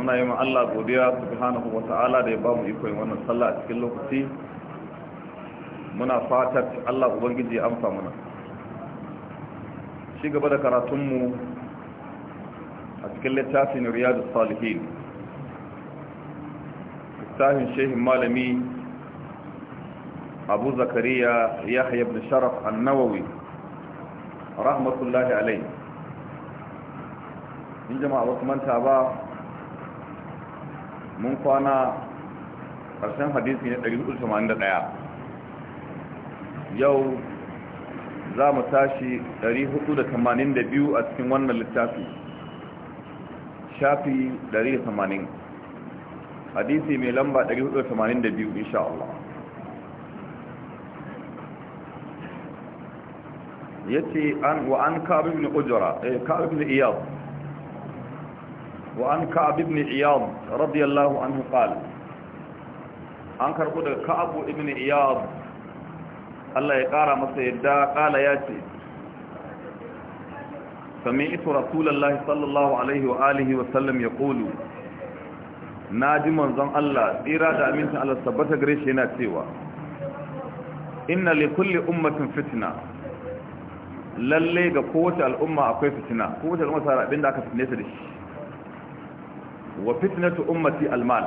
muna yi Allah godiya subhanahu wa ta'ala da ya ba mu ikon wannan sallah a cikin lokaci muna fatar Allah ubangiji ya amsa muna shi gaba da karatunmu a cikin littafin riyadu salihin littafin shehin malami abu zakariya ya yahya da sharaf an-nawawi rahmatullahi alai. in jama'a wasu manta ba mun kwana ƙarshen hadisi na ɗaya. yau za mu tashi 482 a cikin wannan littafi shafi 180 hadisi mai lamba 482 insha Allah Ya ce wa an kabir ibn ujra eh kabir ibn iyad وعن كعب بن عياض رضي الله عنه قال عن كربود كعب بن عياض الله يقارى مسيدا قال ياتي سمعت رسول الله صلى الله عليه وآله وسلم يقول ناجي منظم الله إرادة أمينة على الثبت قريش هنا سوى إن لكل أمة فتنة lalle ga kowace al'umma akwai fitina kowace al'umma sa abin da aka fitne ta da shi wa fitnatu ummati almal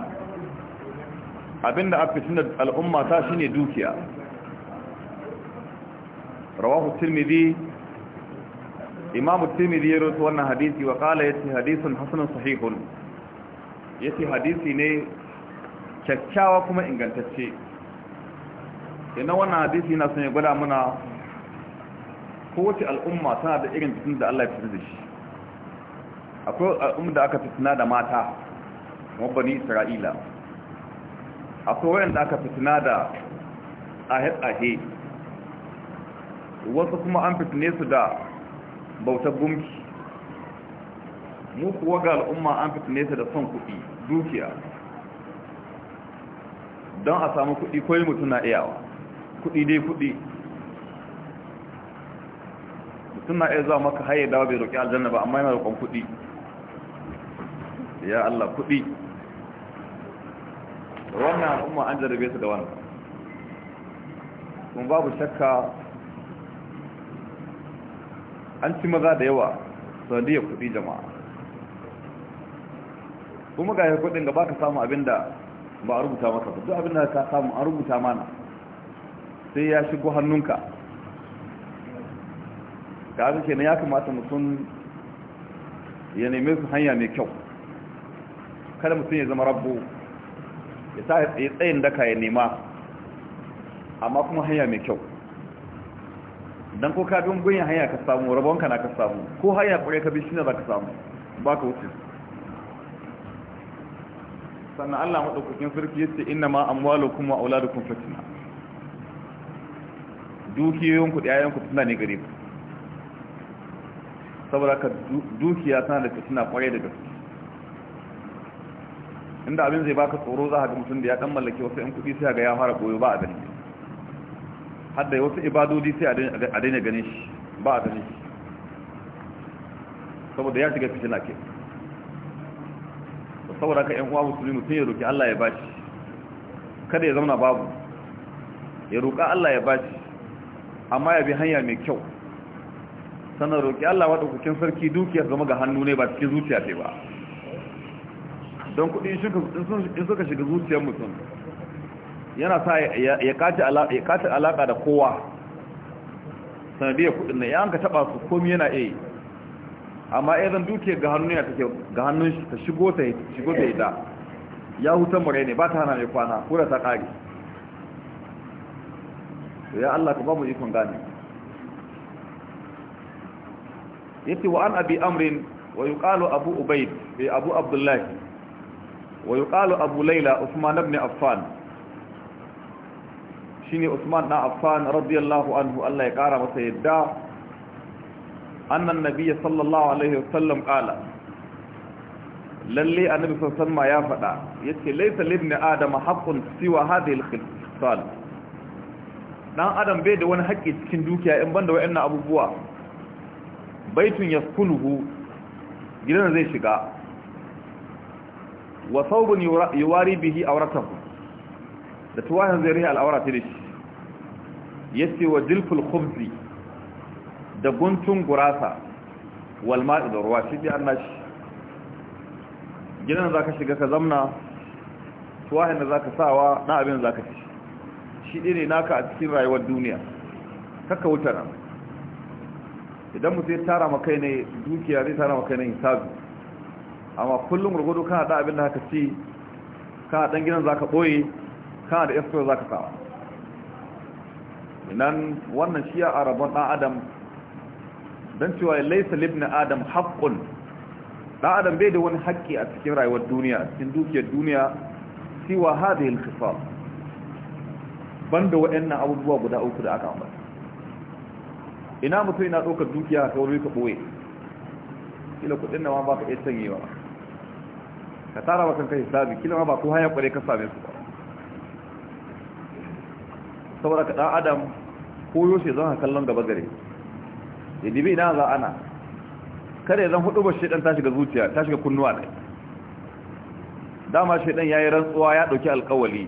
abinda a fitnar al'umma ta shine dukiya rawahu tirmidhi Imamu tirmidhi ya rawaito wannan hadisi wa qala yati hadithun hasanun sahihun yace hadisi ne kyakkyawa kuma ingantacce Ina wannan hadisi na son ya gwada muna kowace al'umma tana da irin fitin da Allah ya fitar da shi akwai al'ummar da aka fitina da mata mabani isra'ila akwai wayanda aka fitina da ahe-ahe wasu kuma an fitine su da bautar gumki mu kuwa ga al'umma an fitine su da son kuɗi dukiya don a samu kuɗi ko yi mutuna na iyawa kuɗi dai kuɗi mutum na iya zuwa maka haye dawa bai roƙi aljanna ba amma yana roƙon kuɗi ya Allah kuɗi wannan al'umma an jarabe su da wannan kuma babu shakka an ci maza da yawa sanadiyya kuɗi jama'a kuma ga kuɗin gaba ka samu abinda ba a rubuta masa, ba duk abinda ka samu an rubuta mana sai ya shigo hannunka ga ke na ya kamata mutum ya neme su hanya mai kyau kada mutum ya zama rabu ya sa ya tsayin daka ya nema amma kuma hanya mai kyau don ko ka bin gunyin hanya ka samu rabonka na ka samu ko hanya kwarai ka bi shi ne za ka samu ba ka wuce sannan allah maɗaukakin sarki ya ce ina ma walo kuma auladukun dukiyoyin dukiyoyinku da yayanku tuna ne gare ku saboda ka dukiya tana da fitina kwarai da gaske inda abin zai baka tsoro za a ga mutum da ya dan mallaki wasu 'yan kuɗi sai ga ya fara koyo ba a gani har da wasu ibadodi sai a daina gani shi ba a gani shi saboda ya shiga fitina ke saboda ka 'yan uwa musulmi mutum ya roƙi Allah ya bashi kada ya zauna babu ya roka Allah ya bashi amma ya bi hanya mai kyau sannan roƙi Allah kukin sarki dukiyar zama ga hannu ne ba cikin zuciya ce ba don kuɗi in suka shiga zuciyar mutum yana sa ya kaci alaƙa da kowa sanadiyar kuɗin na, ya hanka taɓa su komi yana iya amma ya zan duke ga hannun ya take ga hannun ta shigo ta yi ta ya hutar mure ne ba ta hana mai kwana ko da ta kari to ya Allah ka ba mu ikon gane yake wa an abi amrin wa yuqalu abu ubayd bi eh, abu Abdullahi. wa yuqalu abu laila usman ibn affan shine usman na affan radiyallahu Allah ya kara masa yadda annan nabiy sallallahu alaihi wasallam qala lalle annabi sallallahu alaihi ya faɗa yace laysa libni adama haqqun siwa hadhihi al-khisal dan adam bai da wani haƙƙi cikin dukiya in banda wayannan abubuwa baitun yaskunuhu gidan zai shiga wa saubun yuwari bihi auratakum da tuwahin zai rihi al'aurata da shi yace wa jilful khubzi da guntun gurasa wal ma'i da ruwa shi an nashi gidan zaka shiga ka zamna tuwahin da zaka sawa na abin zaka ci shi ne naka a cikin rayuwar duniya kaka wuta nan idan mutum ya tara maka ne dukiya zai tara maka ne hisabi amma kullum gurgudu kana da abin da haka ci kana dan gidan zaka boye kana da escort zaka sa nan wannan shi ya arabon dan adam dan cewa laysa libn adam haqqun dan adam bai da wani haƙƙi a cikin rayuwar duniya cikin dukiyar duniya siwa hadhihi al-khisal banda waɗannan abubuwa guda uku da aka ambata ina mutum na ɗaukar dukiya ka wuri ka ɓoye kila kuɗin nan ba ka iya sanyewa ka tara wa kanka hisabi kila ma ba ko haya kware ka same su ba saboda ka dan adam ko yoshe zan ha kallon gaba gare ya dibi ina za ana kada zan hudu ba shedan ta shiga zuciya ta shiga kunnuwa ne dama shedan yayi rantsuwa ya dauki alƙawali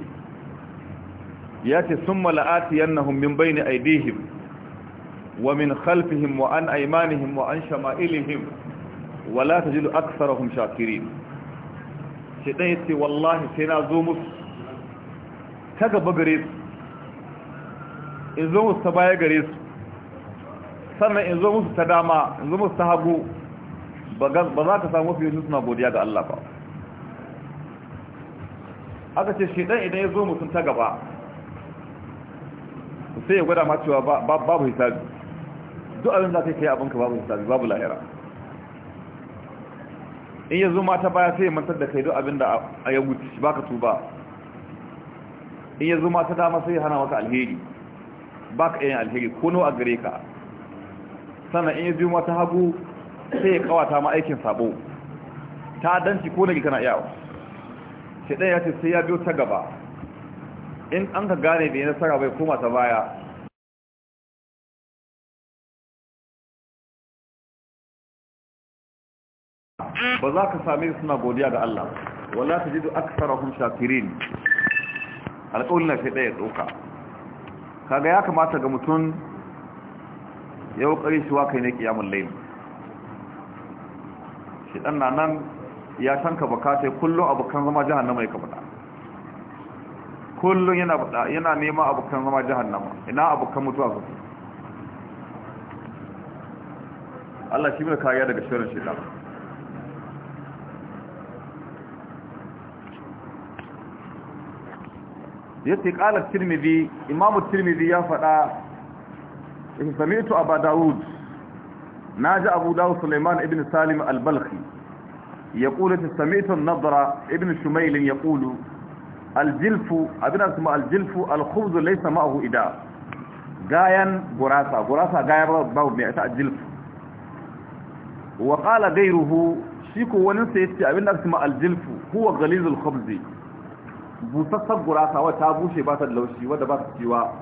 ya ce summa la'atiyannahum min bayni aydihim wa min khalfihim wa an aymanihim wa an shama'ilihim wa la tajidu aktharahum shakirin shedan ya ce wallahi sai na zo musu ta gaba gare su in zo musu ta baya gare su sannan in zo musu ta dama in zo musu ta hagu ba za ka samu fiye suna godiya ga Allah ba aka ce shedan idan ya zo musu ta gaba sai ya gwada ma cewa babu hisabi duk abin da ka yi abinka babu hisabi babu lahira in yanzu mata baya sai mantar da kai duk abin da a ya wuce baka tuba in yanzu mata dama sai hana maka alheri baka yin alheri ko nawa gare ka sannan in yanzu mata hagu sai ya kawata ma aikin sabo ta danci ko nake kana iyawa shi ɗaya ya ce sai ya biyo ta gaba in an ka gane da yi nasara bai koma ta baya ba za ka same suna godiya ga Allah wala ta tajidu hun shakirin Alƙawuli na fi ɗaya tsoka kaga ya kamata ga mutum ya kokari shi wa kai ne ƙiyamun layl shi na nan ya tanka baka sai kullun abukan zama nama ya kabata kullun yana yana nema abokan zama jihar nama, ina abokan mutuwa su Allah shi mai kariya daga shirin shaitan yace qala tirmidhi imamu tirmidhi ya fada in sami'tu abu daud naji abu daud sulaiman ibn salim al-balkhi yaqulu sami'tu an-nadra ibn shumayl yaqulu al-jilfu abina kuma al-jilfu al-khubz laysa ma'ahu ida gayan gurasa gurasa gayan babu mai ta al-jilfu wa qala ghayruhu shi ko wani sai yace abinda kuma al-jilfu huwa ghalizul khubzi busassar gurasa wata ta bushe ba ta da laushi wadda ba ta cewa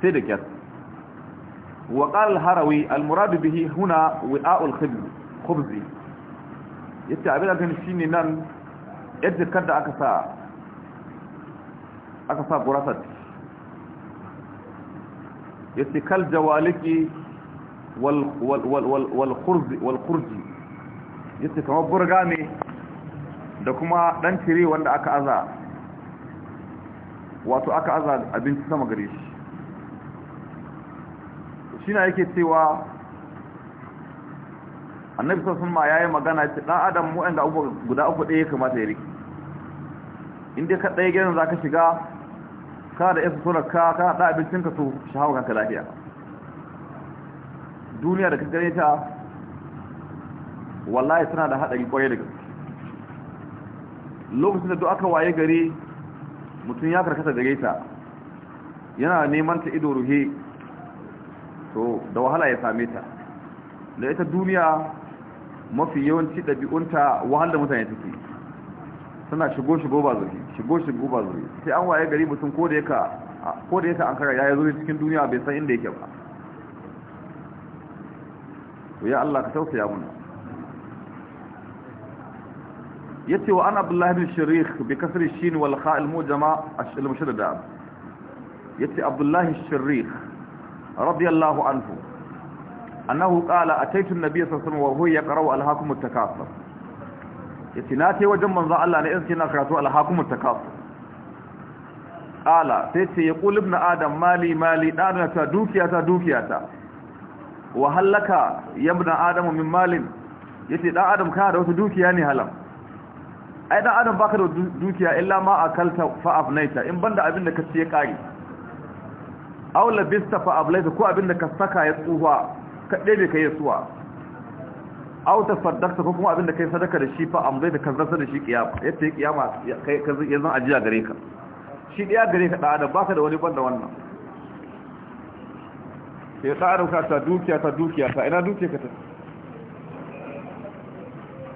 sai da kyar wa ƙarar harawi almuradu bihi huna wi'a'ul khubzi yadda abin da gani shine nan yadda kada aka sa aka sa gurasa yadda kal jawaliki ya yadda kamar burga ne da kuma ɗan cire wanda aka aza wato aka aza abinci sama gare shi shi na yake cewa annabi sun ma ya yi magana ce ɗan adam mu'ayin da guda uku ɗaya kamata ya riki inda ka ɗaya ginin za ka shiga ka da yasa sunar ka ka abincin abincinka su shahawa kanka lafiya duniya da kakare ta wallahi suna da haɗari ƙwayar da gaske lokacin da duk aka waye gari mutum ya karkasa da ta yana neman ta ido ruhe to da wahala ya same ta da ita duniya mafi yawanci ɗabi'unta wahalar mutane take tana shigo shigo ba zuri shigo shigo ba zuri sai an waye gari mutum ko da yaka an kara ya zo cikin duniya bai san inda yake ba ya Allah ka tausaya mana yace wa ana abdullahi bin shirikh bi kasri shin wal kha al mujama al mushaddada yace abdullahi shirikh radiyallahu anhu annahu qala ataitu an-nabiy sallallahu alaihi wasallam wa huwa yaqra'u al-hakum at-takathur yace na tai wajen manzo Allah ne in na karatu al-hakum at-takathur qala sai ce ya qul ibn adam mali mali dana ta dukiya ta wa halaka ya ibn adam min malin yace dan adam ka da wata dukiya ne halam ai dan adam baka da dukiya illa ma akalta fa afnaita in banda abin da ka ci ya kare aw labista fa ablaita ko abin da ka saka ya tsuwa ka dade ka yasuwa aw tasaddaqta ko kuma abin da kai sadaka da shi fa amzaita ka zasa da shi kiyama yace kiyama kai ka yanzu ajiya gare ka shi daya gare ka da adam baka da wani banda wannan sai ka aruka ta dukiya ta dukiya ta ina dukiya ka ta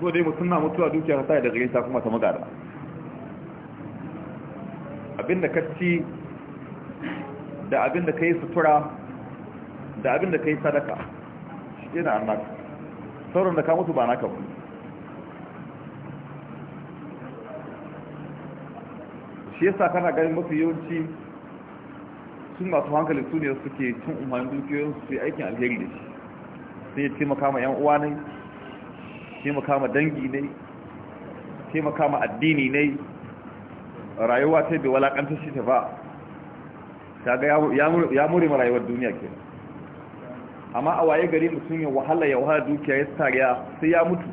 ko dai mutum na mutuwa dukiya sa da gare ta kuma ta magara abinda ka ci da abinda ka yi sutura da abinda ka yi sadaka shi an annaka sauran da ka mutu ba naka ba shi yasa kana ganin mafi yawanci sun masu hankali su ne suke cin umarni dukiyoyin su yi aikin alheri da shi sai ya taimaka makama 'yan uwa ne taimaka ma dangi ne taimaka ma addini ne rayuwa ta bai walakantar shi ta ba ta ga ya muri ma rayuwar duniya ke amma a waye gari mutum ya wahala ya wahala dukiya ya tsariya sai ya mutu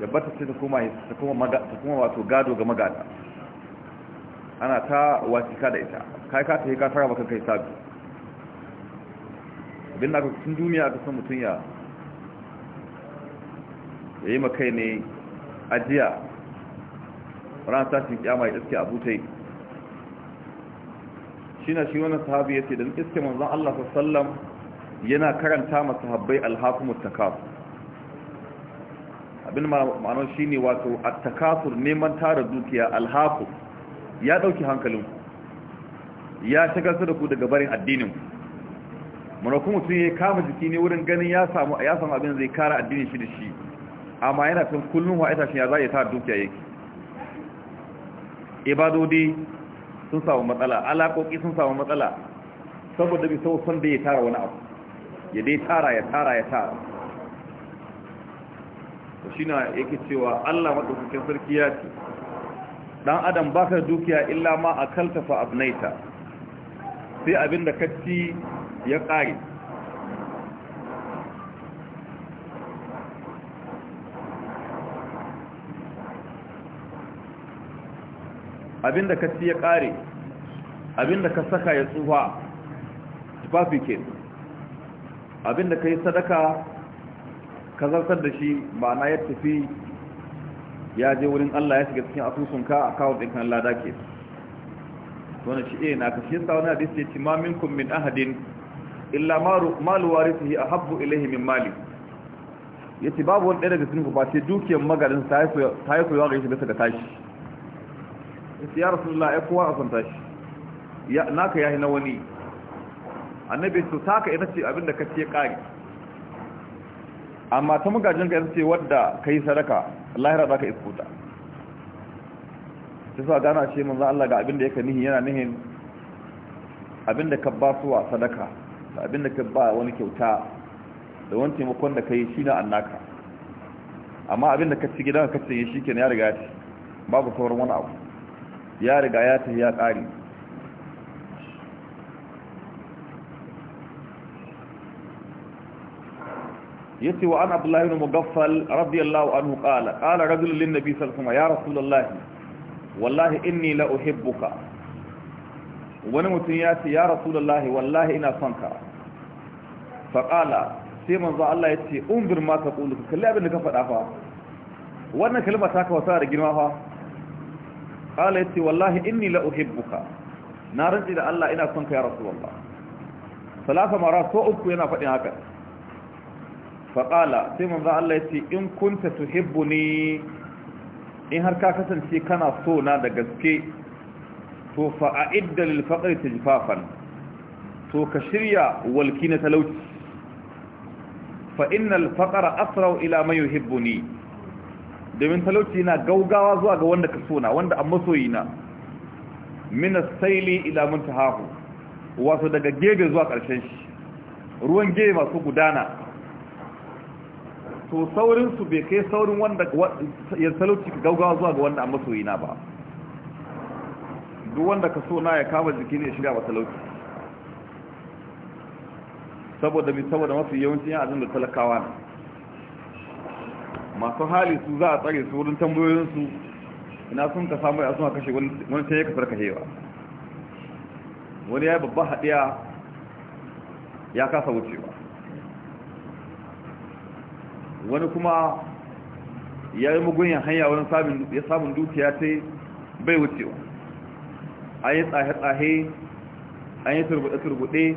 ya bata sai ta kuma wato gado ga magada ana ta wasika da ita kai ka ta yi kasara baka kai sabi bin na aka duniya ka san mutum ya da yi makai ne ajiya ran tashin kyama ya iske abu ta shi na shi wani sahabi ya ce da iske manzan Allah sallam yana karanta masu habbai alhakumar takafu abin ma'anar shi ne wato a takasur neman tara dukiya alhaku ya ɗauki hankalin ya shigar da ku daga barin addinin manakun mutum ya kama jiki ne wurin ganin ya samu abin zai kara addinin shi da shi amma yana sun kullum wa ita shi ya za ya sa dukiya yake ibadodi sun samu matsala alaƙoƙi sun samu matsala saboda bi sau son da ya tara wani abu ya dai tara ya tara ya tara ta shi na yake cewa allah maɗaukakin sarki ya ce ɗan adam ba ka dukiya illa ma a kaltafa abinaita, sai abin da kacci ya ƙare abinda ka ci ya kare abinda ka saka ya tsufa tufafi ke abinda ka yi sadaka ka zartar da shi ma'ana ya tafi ya je wurin Allah ya shiga cikin asusunka a kawo kan lada ke wani shi iya eh na ka shi yasa wani hadisi ya ce ma minkum min ahadin illa malu a ahabbu ilaihi min mali yace babu wani ɗaya daga cikin ba sai dukiyar magarin ta yi koyawa ga shi bisa ga tashi ta ya rasulullah ya kowa a santa shi naka ya yi na wani annabi su taka ina ce abinda ka ce ƙari amma ta magajin ka ita ce wadda ka yi sadaka lahira za ka isko ta sa gana ce manzan Allah ga abinda yaka nihin yana nihin abinda ka ba suwa sadaka da abinda ka ba wani kyauta da wani taimakon da ka yi shi na annaka amma abinda ka ci gidan ka ce shi ke ya riga ce babu sauran wani abu ya riga ya tafi ya ƙari yace wa an abdullahi ibn mugaffal radiyallahu anhu qala qala rajulun lin nabi sallallahu alaihi wasallam ya rasulullah wallahi inni la uhibbuka wani mutum ya ce ya rasulullah wallahi ina son ka fa qala sai manzo Allah ya ce umbir ma taqulu kalli abin da ka faɗa fa wannan kalma ta ka wasa da girma fa qala yace wallahi inni la uhibbuka na rantsi Allah ina son ka ya rasulullah salasa mara ko uku yana faɗin haka fa qala sai manzo Allah yace in kunta tuhibbuni in har ka kasance kana so da gaske to fa a'idda lil faqri to ka shirya walki talauci fa innal faqra asra ila man domin talauci na gaugawa zuwa ga wanda ka sona wanda an masoyi na mina as-saili ila muntahahu wato daga gebe zuwa ƙarshen shi ruwan gebe masu gudana to saurin su bai kai saurin wanda ya talauci ka gaugawa zuwa ga wanda an masoyi na ba duk wanda ka sona ya kama jiki ne shiga ba talauci saboda mai saboda mafi yawancin yan azin da talakawa ne masu hali su za a tsare su wurin tambayoyinsu ina sun ka samu ya suna kashe wani sai ya kasar hewa. wani ya yi babban haɗiya ya kasa wucewa wani kuma ya yi mugunyan hanya wani ya samun dukiya ta bai wucewa an yi tsahe-tsahe an yi turbuɗe-turbuɗe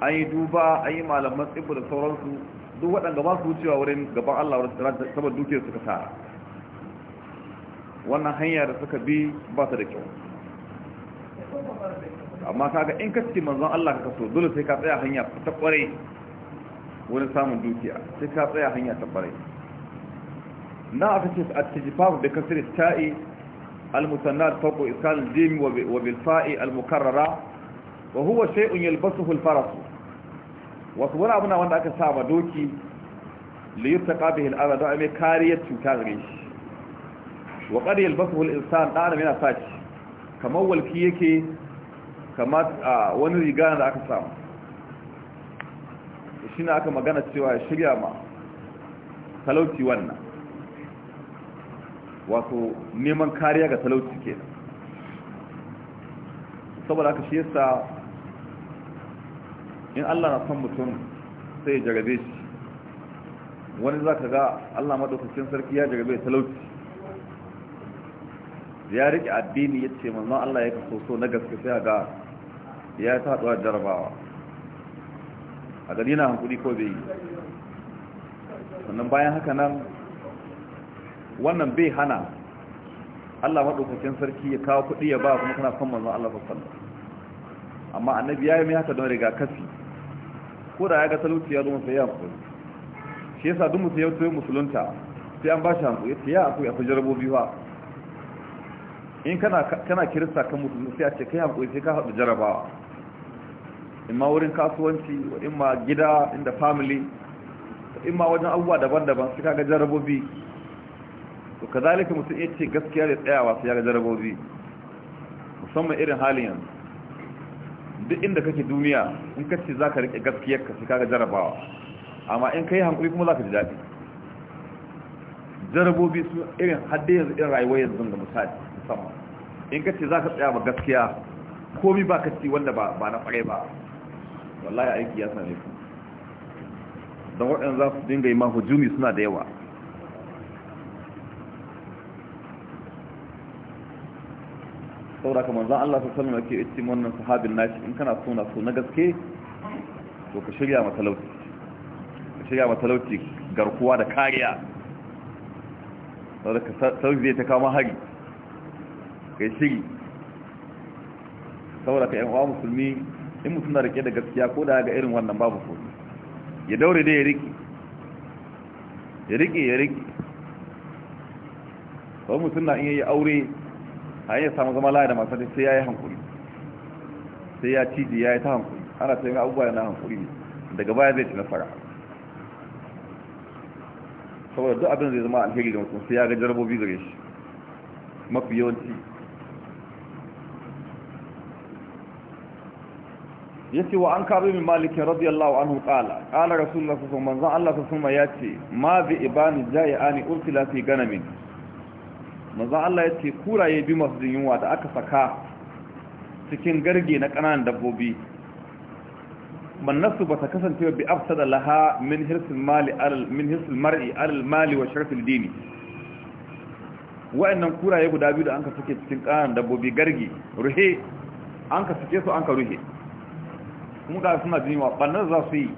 an yi duba an yi malamman tsibbu da sauransu duk waɗanda ba su wucewa wurin gaban Allah wurin saboda dukiyar suka tara wannan hanya da suka bi ba ta da kyau amma kaga in ka ci manzon Allah ka kaso dole sai ka tsaya hanya ta kware wurin samun dukiya sai ka tsaya hanya ta kware na aka ce at-tijfaf bi kasri ta'i al-musannad fawqa iskal jim wa bil fa'i al-mukarrara wa huwa shay'un yalbasuhu al-farasu wasu wani abu na wanda aka sa ma doki liyar ta ƙafi hil'ara don ame kariyar cuta gare shi wa ƙari yalbasa hul insan ɗan adam yana sa shi kamar walki yake kamar wani riga da aka ma shi na aka magana cewa ya shirya ma talauci wannan wato neman kariya ga talauci ke saboda aka shi yasa in Allah na son mutum sai ya jarabe shi wani za ka ga Allah maɗaukacin sarki ya jarabe talauci ya riƙe addini ya ce manzan Allah ya kaso so na gaske sai ga ya ta haɗuwa jarabawa a gani na hankuli ko bai yi sannan bayan haka nan wannan bai hana Allah maɗaukacin sarki ya kawo kuɗi ya ba kuma kana son manzan Allah sassan amma annabi ya yi mai haka don riga kafi. ko da ya ga talauci ya zo masa ya hankali shi yasa duk mutum ya tsaye musulunta sai an ba shi hankali ya ya akwai akwai jarabobi ba in kana kirista kan mutum sai a ce kai hankali sai ka haɗu jarabawa in ma wurin kasuwanci in ma gida inda family in ma wajen abubuwa daban-daban sai ka ga jarabobi to kazalika mutum ya ce gaskiya da tsayawa sai ya ga jarabobi musamman irin halin yanzu duk inda kake duniya in ka ce za ka riƙe gaskiyar ka kaga jarabawa amma in ka yi hankuri kuma za ka ji daɗi jarabobi su irin hadde yanzu irin rayuwar yanzu ga misali musamman in ka ce za ka tsaya ba gaskiya komi ba ka ci wanda ba na ƙwarai ba wallahi aiki ya same ku don waɗanda za su dinga yi ma hujumi suna da yawa saboda kamar zan Allah su sallama ke itin wannan sahabin nashi in kana suna su na gaske to ka shirya matalauci ka shirya matalauci garkuwa da kariya saboda ka sauzi zai ta kama hari ka yi shiri saboda ka yan wa' musulmi in mutum na rike da gaskiya ko da ga irin wannan babu ko ya daure dai ya rike ya rike ya rike wani mutum na iya yi aure a yi samu zama laya da masu sai ya yi hankuri sai ya ci ya yi ta hankuri ana ta yi abubuwa na hankuri ne daga baya zai ci nasara saboda duk abin zai zama alheri da mutum sai ya ga jarabobi gare shi mafi yawanci ya ce wa an kabe min malikin radiyallahu anhu kala kala rasulullah Sassan manzan wasallam manzo Allah sallallahu alaihi wasallam yace ma bi ibani ani ursila fi ganamin manzan Allah ya ce kuraye bi masu jin yunwa da aka saka cikin garge na ƙananan dabbobi mannasu ba ta kasance wa bi da laha min hirsul mali alal min hirsul mar'i alal mali wa sharfil dini wa'annan kuraye guda biyu da anka suke cikin ƙananan dabbobi garge ruhe anka suke su anka ruhe kuma ga suna jin yunwa bannar za su yi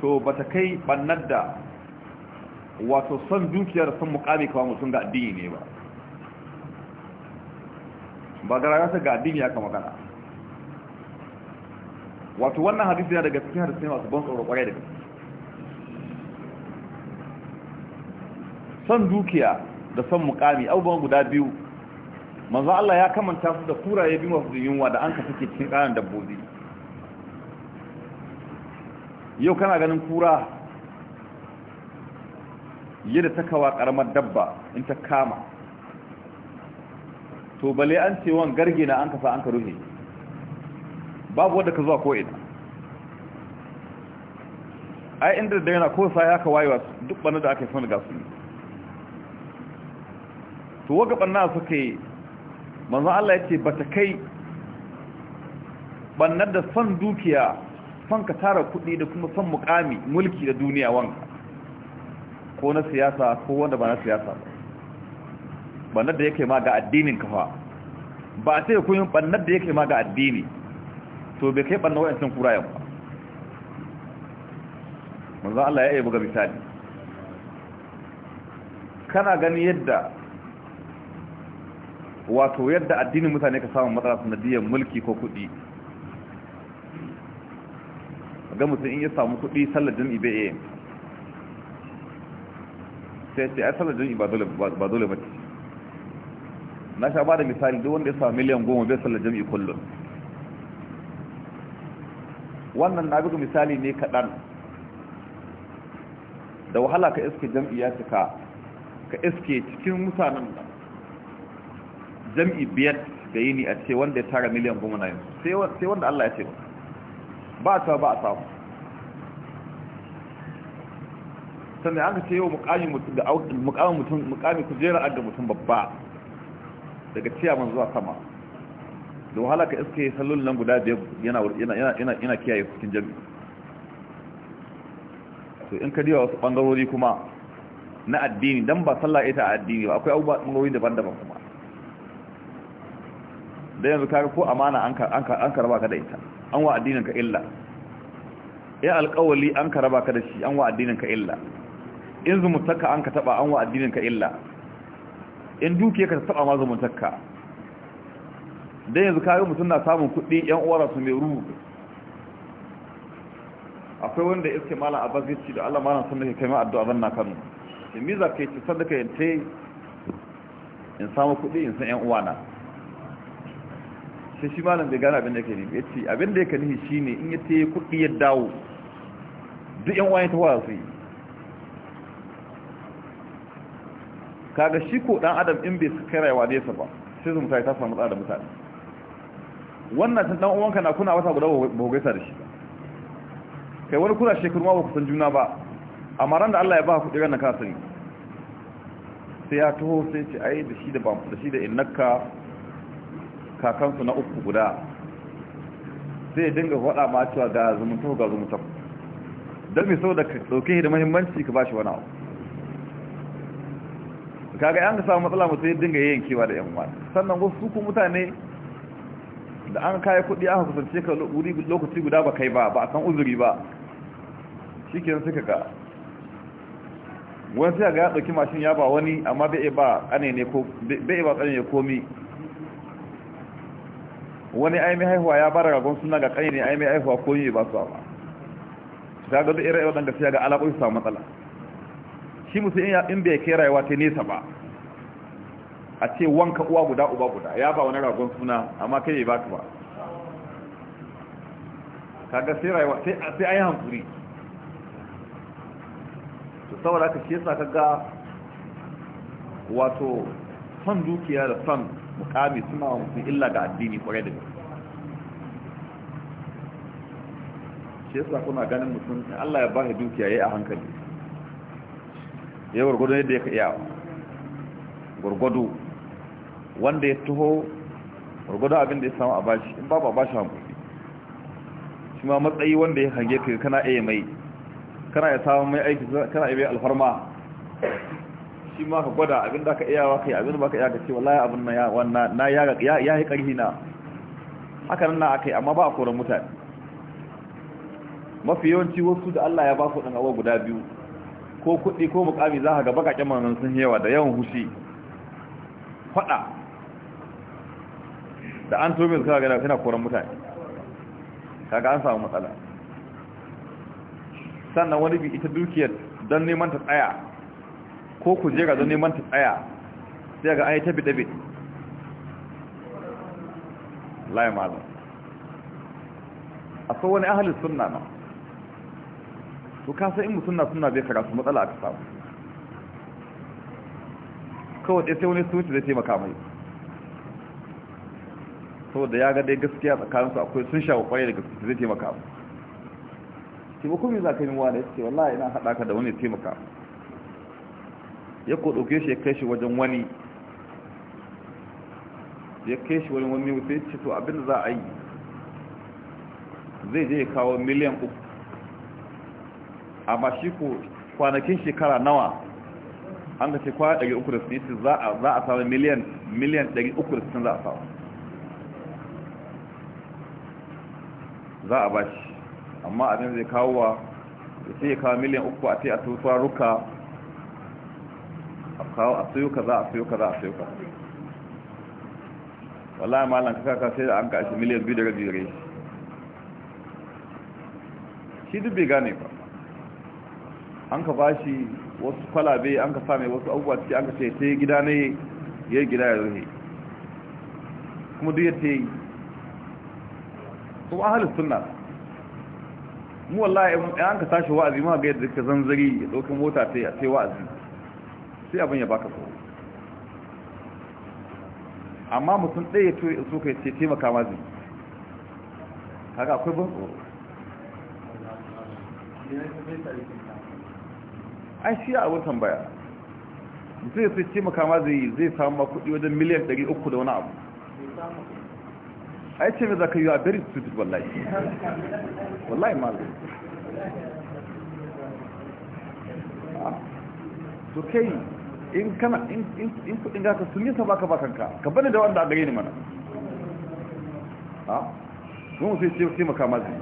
to ba ta kai bannar da wato son dukiya da son mukami kawai mutum ga addini ne ba ba ga ta ga addini ya kama gana wato wannan hadisi ya daga cikin hadisi masu ban tsoro kwarai daga son dukiya da son mukami abubuwan guda biyu manzo Allah ya kamanta su da kuraye biyu masu yunwa da an ka suke cikin ƙaran dabbobi yau kana ganin kura yadda ta kawa karamar dabba in ta kama to bale an ce wan garge na an kasa an ka ruhe babu wadda ka zuwa ko ina. ai inda da yana ko sa ya ka wayewa duk ɓanna da aka yi sun gasu to waga banna suka yi manzan Allah ya ce ba ta kai ɓannar da son dukiya son ka tara kuɗi da kuma son mukami mulki da duniya wanka ko na siyasa ko wanda ba na siyasa ba bannar da yake ma ga addinin kafa ba a sai kun bannar da yake ma ga addini to bai kai bannar wayancin kurayen ba manzan Allah ya yi buga misali kana gani yadda wato yadda addinin mutane ka samu matsala sanadiyar mulki ko kudi ga mutum in yi samu kudi sallar jami'i bai yi. sai ce ai sallar jami'i ba dole ba ce na sha ba da misali duk wanda ya sami miliyan goma bai sallar jami'i kullum wannan na buga misali ne kaɗan da wahala ka iske jami'a ya cika ka iske cikin mutanen da jam'i biyar da yini a ce wanda ya tara miliyan goma na yi. sai wanda Allah ya ce ba a ba a samu sannan an ce yau mukamin mutum mukamin kujera an mutum babba daga ciyaman zuwa sama da wahala ka iske sallolin nan guda biyar yana kiyaye cikin jami to in ka diwa wasu bangarori kuma na addini dan ba sallah ita a addini ba akwai abubuwa bangarori daban-daban kuma da yanzu kaga ko amana an ka an ka da ita an wa addinin ka illa ya alƙawali an ka raba ka da shi an wa addinin ka illa in zumuntaka an ka taba an wa addinin ka illa in duke ka taba ma zumuntaka, dan yanzu kayo mutum na samun kuɗi yan uwar su mai ruhu, akwai wanda iske malam abbas ya ce da Allah malam sun nake kai ma addu'a zan na kanu in miza kai ce sadaka in tai in samu kuɗi in san yan uwana sai shi malam bai gane abin da yake ni, ya ce abin da yake ni shine in ya tayi kuɗi ya dawo duk yan uwa ya tawa su yi kaga shi ko dan adam in bai rayuwa da yasa ba sai zumta ta samu tsada da mutane wannan tun dan uwanka na kuna wata guda ba ku gaisa da shi kai wani kuna shekaru ma ba ku san juna ba amma ran da Allah ya ba ku diran nan ka sani sai ya taho sai ce ai da shi da ba da shi da innaka kakansu na uku guda sai ya dinga faɗa ma cewa ga zumunta ga zumunta dan me sau da ka ɗauke da muhimmanci ka ba shi wani abu kaga an samu matsala mutum ya dinga kewa da yan wani sannan wasu ku mutane da an kayi kudi aka kusance ka wuri lokaci guda ba kai ba ba a san uzuri ba shi kenan suka ga wani sai ga ya ɗauki mashin ya ba wani amma bai ba ƙane ne ko bai ba ƙane ne komi wani aimi haihuwa ya bara ragon suna ga ƙane ne aimi haihuwa komi ba su ba ta ga duk irin waɗanda sai ga su samu matsala shi musu in bai kai rayuwa ta nesa ba a ce wanka uwa guda uba guda ya ba wani ragon suna amma kai ba baka ba kaga sai rayuwa sai ayi hankuri to saboda haka shi yasa kaga wato son dukiya da son mukami suna wasu mutum illa ga addini kwarai da gaske shi yasa kuna ganin mutum Allah ya ba dukiya yayi a hankali ya gurgudu yadda ya iya gurgudu wanda ya taho gurgudu abinda ya samu a bashi in babu a bashi hankali shi ma matsayi wanda ya hange ka kana iya mai kana ya samu mai aiki kana iya mai alfarma shi ma ka gwada abinda ka iya waka kai abinda ba ka iya ga ce wallaya abin na wannan na ya yi karhi na haka nan na yi amma ba a koran mutane mafi yawanci wasu da Allah ya ba su ɗan awa guda biyu ko kuɗi ko mukami za ka ga bakaƙen maganganun sun yawa da yawan hushi fada da an tobe su kaga gana suna koran mutane kaga an samu matsala sannan wani bi ita dukiyar don neman ta tsaya ko ga don neman ta tsaya sai ga an yi tabi ɗabi laye malam akwai wani ahalin sunna na to ka san in mutum na suna bai karatu matsala aka samu kawai ɗaya sai wani sunci zai taimaka mai saboda ya ga dai gaskiya tsakaninsu akwai sun shawo kwaye da gaskiya zai taimaka mu taimako mai za ka yi wa da ya ce wallahi ina haɗa ka da wani taimaka ya ko ɗauke shi ya kai shi wajen wani ya kai shi wani wani wuce ce to abinda za a yi zai je ya kawo miliyan uku amma shi ku kwanakin shekara nawa an ɗari uku da 360 za a samu miliyan miliyan 360 za a samu za a ba shi amma abin zai kawo wa da sai ya kawo miliyan uku a ce a tutuwa ruka a kawo a sayo ka za a sayo ka za a sayo ka wallahi malam ka kaka sai da an ka shi miliyan biyu da rabi gare shi duk bai gane ba an ka bashi wasu kwalabe an ka same wasu abubuwa ciki an ka ce ta gida ne ya gida ya ruhe kuma duk ya ta yi kuma ahalin suna mu wallahi an ka tashi wa'azi ma ga yadda ka zanzari ya ɗauki mota ta yi a sai wa'azi sai abin ya baka so amma mutum ɗaya ya su ka ce taimaka mazi haka akwai ban tsoro an shi a tambaya. baya zai sai ce makama zai zai samu kuɗi wajen miliyan 300 da wani abu yi ce mai za ka yi a very stupid wallahi wallahi malu to kai in kana in kudin gaka sun yi sabaka bakanka ka bani da wanda a gare ni mana ha ah? mun sai ce ce makama zai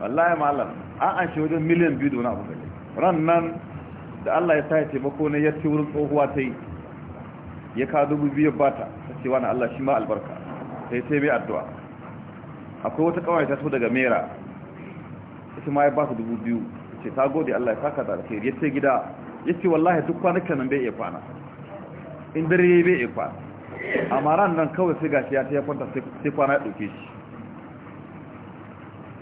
wallahi malam an an shi wajen miliyan biyu da wani abu gari rannan da Allah ya sa taimako ne ya ce wurin tsohuwa ta yi ya ka dubu biyu ba ta ta ce wani Allah shi ma albarka ta yi sai addu'a akwai wata kawai ta so daga mera ce ma ya ba ta dubu biyu ce ta gode Allah ya saka da alkhairi ya ce gida ya ce wallahi duk kwanakan nan bai iya kwana in dare bai iya kwana amma ran nan kawai sai gashi ya ta ya kwanta sai kwana ya ɗauke shi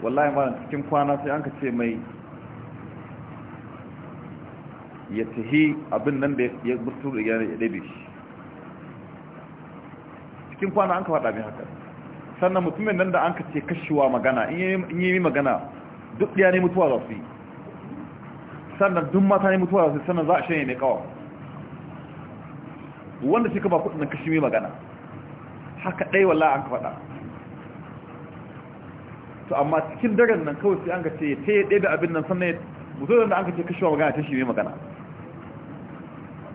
wallahi ma cikin kwana sai an ka ce mai ya tahi abin nan da ya gusto da ya ɗabe shi cikin kwana an ka faɗa mai haka sannan mutumin nan da an ka ce kashewa magana in yi magana duk ɗaya ne mutuwa za su yi sannan duk mata ne mutuwa za su yi sannan za a shanye mai kawo wanda shi ka ba kudin kashi mai magana haka ɗaya walla an ka faɗa to amma cikin daren nan kawai sai an ka ce ta yi ɗaya da abin nan sannan mutum da an ka ce kashewa magana ta shi mai magana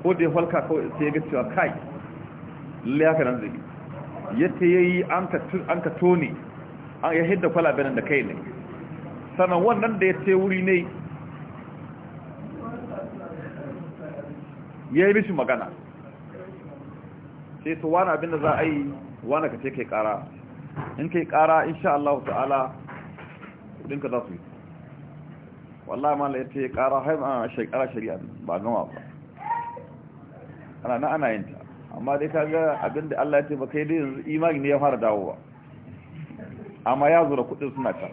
ko da ya falka kawai sai ya ga cewa kai lalle haka nan zai ya ta yi an ka tone ya hidda kwalaben nan da kai ne sannan wannan da ya ce wuri ne ya yi mishi magana sai su wani abin da za a yi wani ka ce kai kara in kai kara insha Allah ta'ala kudinka za su yi wallahi mala ya ce kara haifar shekara shari'a ba gama ba ana na ana yinta amma dai ka ga abinda Allah ya ce ba kai dai yanzu imani ne ya fara dawo ba, amma ya zura kudin suna can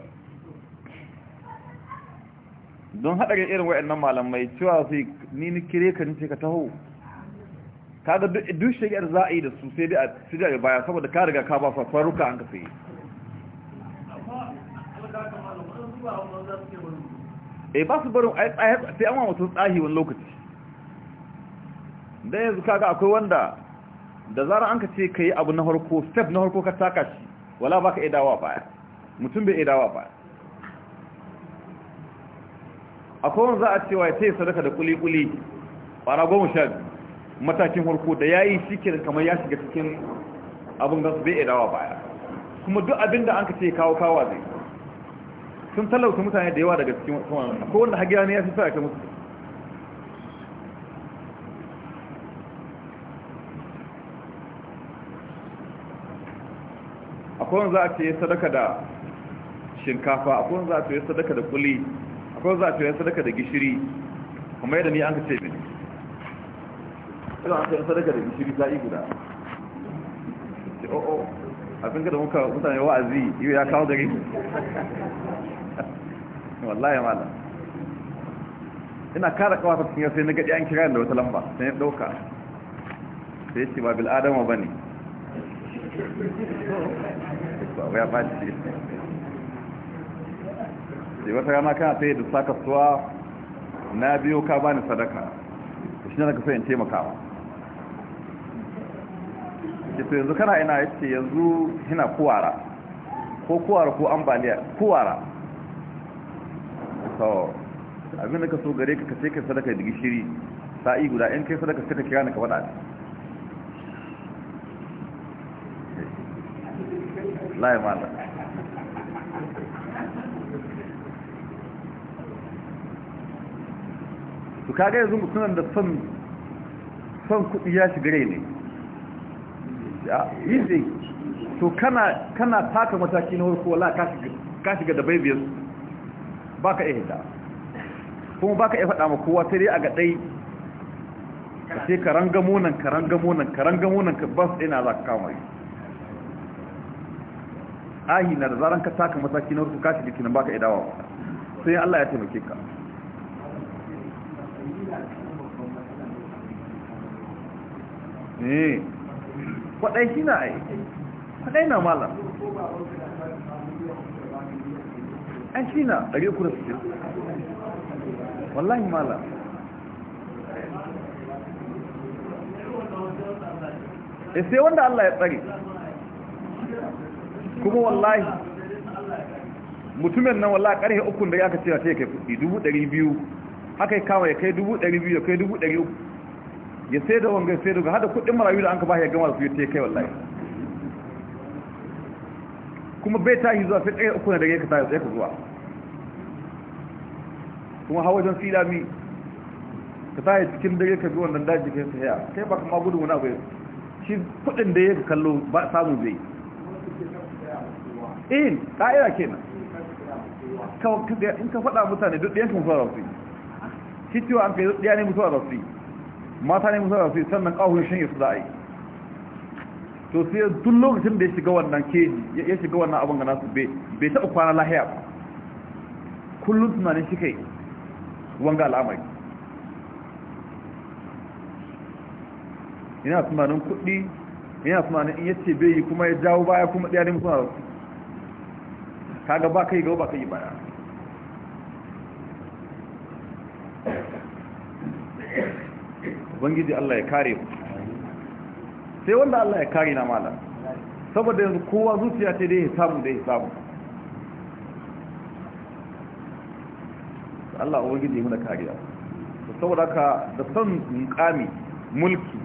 don haɗarin irin wa'annan malamai cewa sai ni ni kire ka ni ka taho kaga duk shari'ar za a yi da su sai dai a baya saboda ka riga ka ba faruka an ka sai e ba su barin sai an wa mutum tsahi wani lokaci don yanzu kaga akwai wanda da zara an ka ce ka yi abu na harko step na harko ka taka shi wala ba ka idawa baya mutum bai idawa baya akwai wanda za a cewa ya taya sadaka da kuli-kuli bara goma sha matakin harko da ya yi shi ke kamar ya shiga cikin abin da su bai idawa baya kuma duk abin da an ka ce kawo kawo zai sun talauta mutane da yawa daga cikin wani ko wanda hagiya ne ya fi sa ka mutu akwai wanda za a ce sadaka da shinkafa akwai wanda za a ce sadaka da kuli akwai wanda za a ce sadaka da gishiri kuma yadda ni an ka ce mini an sadaka da gishiri sa'i guda ce o'o oh, oh, abin ka da muka mutane wa'azi iya ya kawo gari wallahi malam ina kara ta cikin sai na gadi an kira da wata lamba sai ya dauka sai ce ba bil adama bane ba ya sai wata rana kana sai da saka suwa na biyo ka bani sadaka shi ne naka sai in taimakawa ce yanzu kana ina yace yanzu hina kuwara ko kuwara ko ambaliya kuwara to abin da ka so gare ka kace sai ka sadaka da gishiri sa'i guda in kai sadaka sai ka kira ni ka faɗa lai mala to kaga yanzu mutumin da son son kuɗi ya shiga rai ne yi zai to kana taka mataki na warko wala ka shiga da baibiyarsu baka iya hidda kuma baka iya faɗa ma kowa sai dai a ga dai sai ka rangamo nan ka rangamo nan ka rangamo nan ka bas ina za ka kama ahi na da zaran ka taka mataki na wasu kashi jiki nan baka idawa sai Allah ya taimake ka eh kwadai shi na ai kwadai na malam 'yan china 360 wallahi mala e sai wanda Allah ya tsari, kuma wallahi mutumin nan wallahi ƙarfe ukun da ya aka cewa sai ya kai kuɗi dubu ɗari biyu haka ya kama ya kai dubu ɗari biyu ya kai dubu ɗari uku ya sai da wangan sai da hada kuɗin marayu da an ka ba ya gama su ya kai wallahi kuma bai tashi zuwa sai tsaye uku na dare ka tashi tsaye ka zuwa kuma hawa wajen filami, ka tashi cikin dare ka zuwa nan daji kai tsaye kai ba kama gudu wani abu shi kudin da ya kallo ba samu zai in ka'ira nan in ka faɗa mutane duk ɗayan kan da su shi cewa an kai duk ɗaya ne mutuwa da su mata ne mutuwa da su sannan ƙahun shanye su za a yi to sai duk lokacin da ya shiga wannan keji ya shiga wannan abin ga nasu bai taɓa kwana lahiya ba kullum tunanin shi kai wanga al'amari yana tunanin kuɗi yana tunanin in yace bai yi kuma ya jawo baya kuma ɗaya ne musamman a rasu kaga ba kai gaba ba kai baya ubangiji Allah ya kare mu sai wanda Allah ya kare na malam saboda yanzu kowa zuciya ce dai ya samu dai ya samu Allah wani mu da kariya saboda ka da son mukami mulki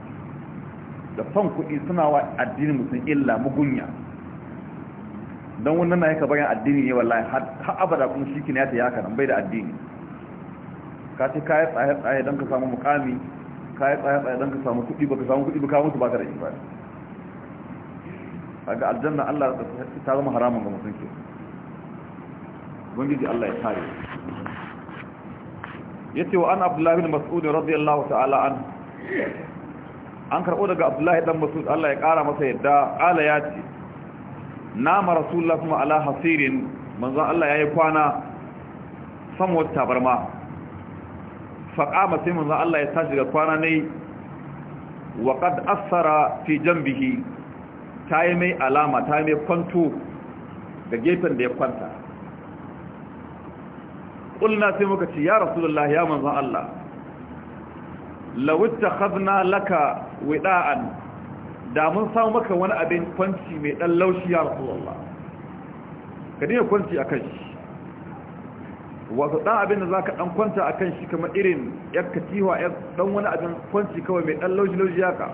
da son kuɗi suna wa addini mutum illa mugunya don wannan na ka bayan addini ne wallahi har abada kuma shi kina ya ta yaka nan bai da addini ka ce kayan tsaye-tsaye don ka samu mukami ka yi tsaya tsaya don ka samu kuɗi ba ka samu kuɗi ba ka mutu ba ka ba. imani kaga aljanna Allah ta zama haramun ga mutum ke ubangiji Allah ya Ya ce wa an Abdullah bin Mas'ud radiyallahu ta'ala an an karɓo daga Abdullah dan Mas'ud Allah ya ƙara masa yadda ala ya ce nama rasulullah kuma ala hasirin manzo Allah ya yi kwana wata tabarma faƙama sai manzan Allah ya tashi daga kwana ne wa ƙad asara fi jambihi ta yi mai alama ta yi mai kwanto ga gefen da ya kwanta ƙulna sai muka ci ya rasulullah ya manzan Allah lawuta khazna laka wida'an da mun samu maka wani abin kwanci mai ɗan laushi ya rasulullah ka dina kwanci a kan shi wato ɗan abin da za ka ɗan kwanta a kan shi kamar irin yar katiwa yar ɗan wani abin kwanci kawai mai dan lauji lauji ka?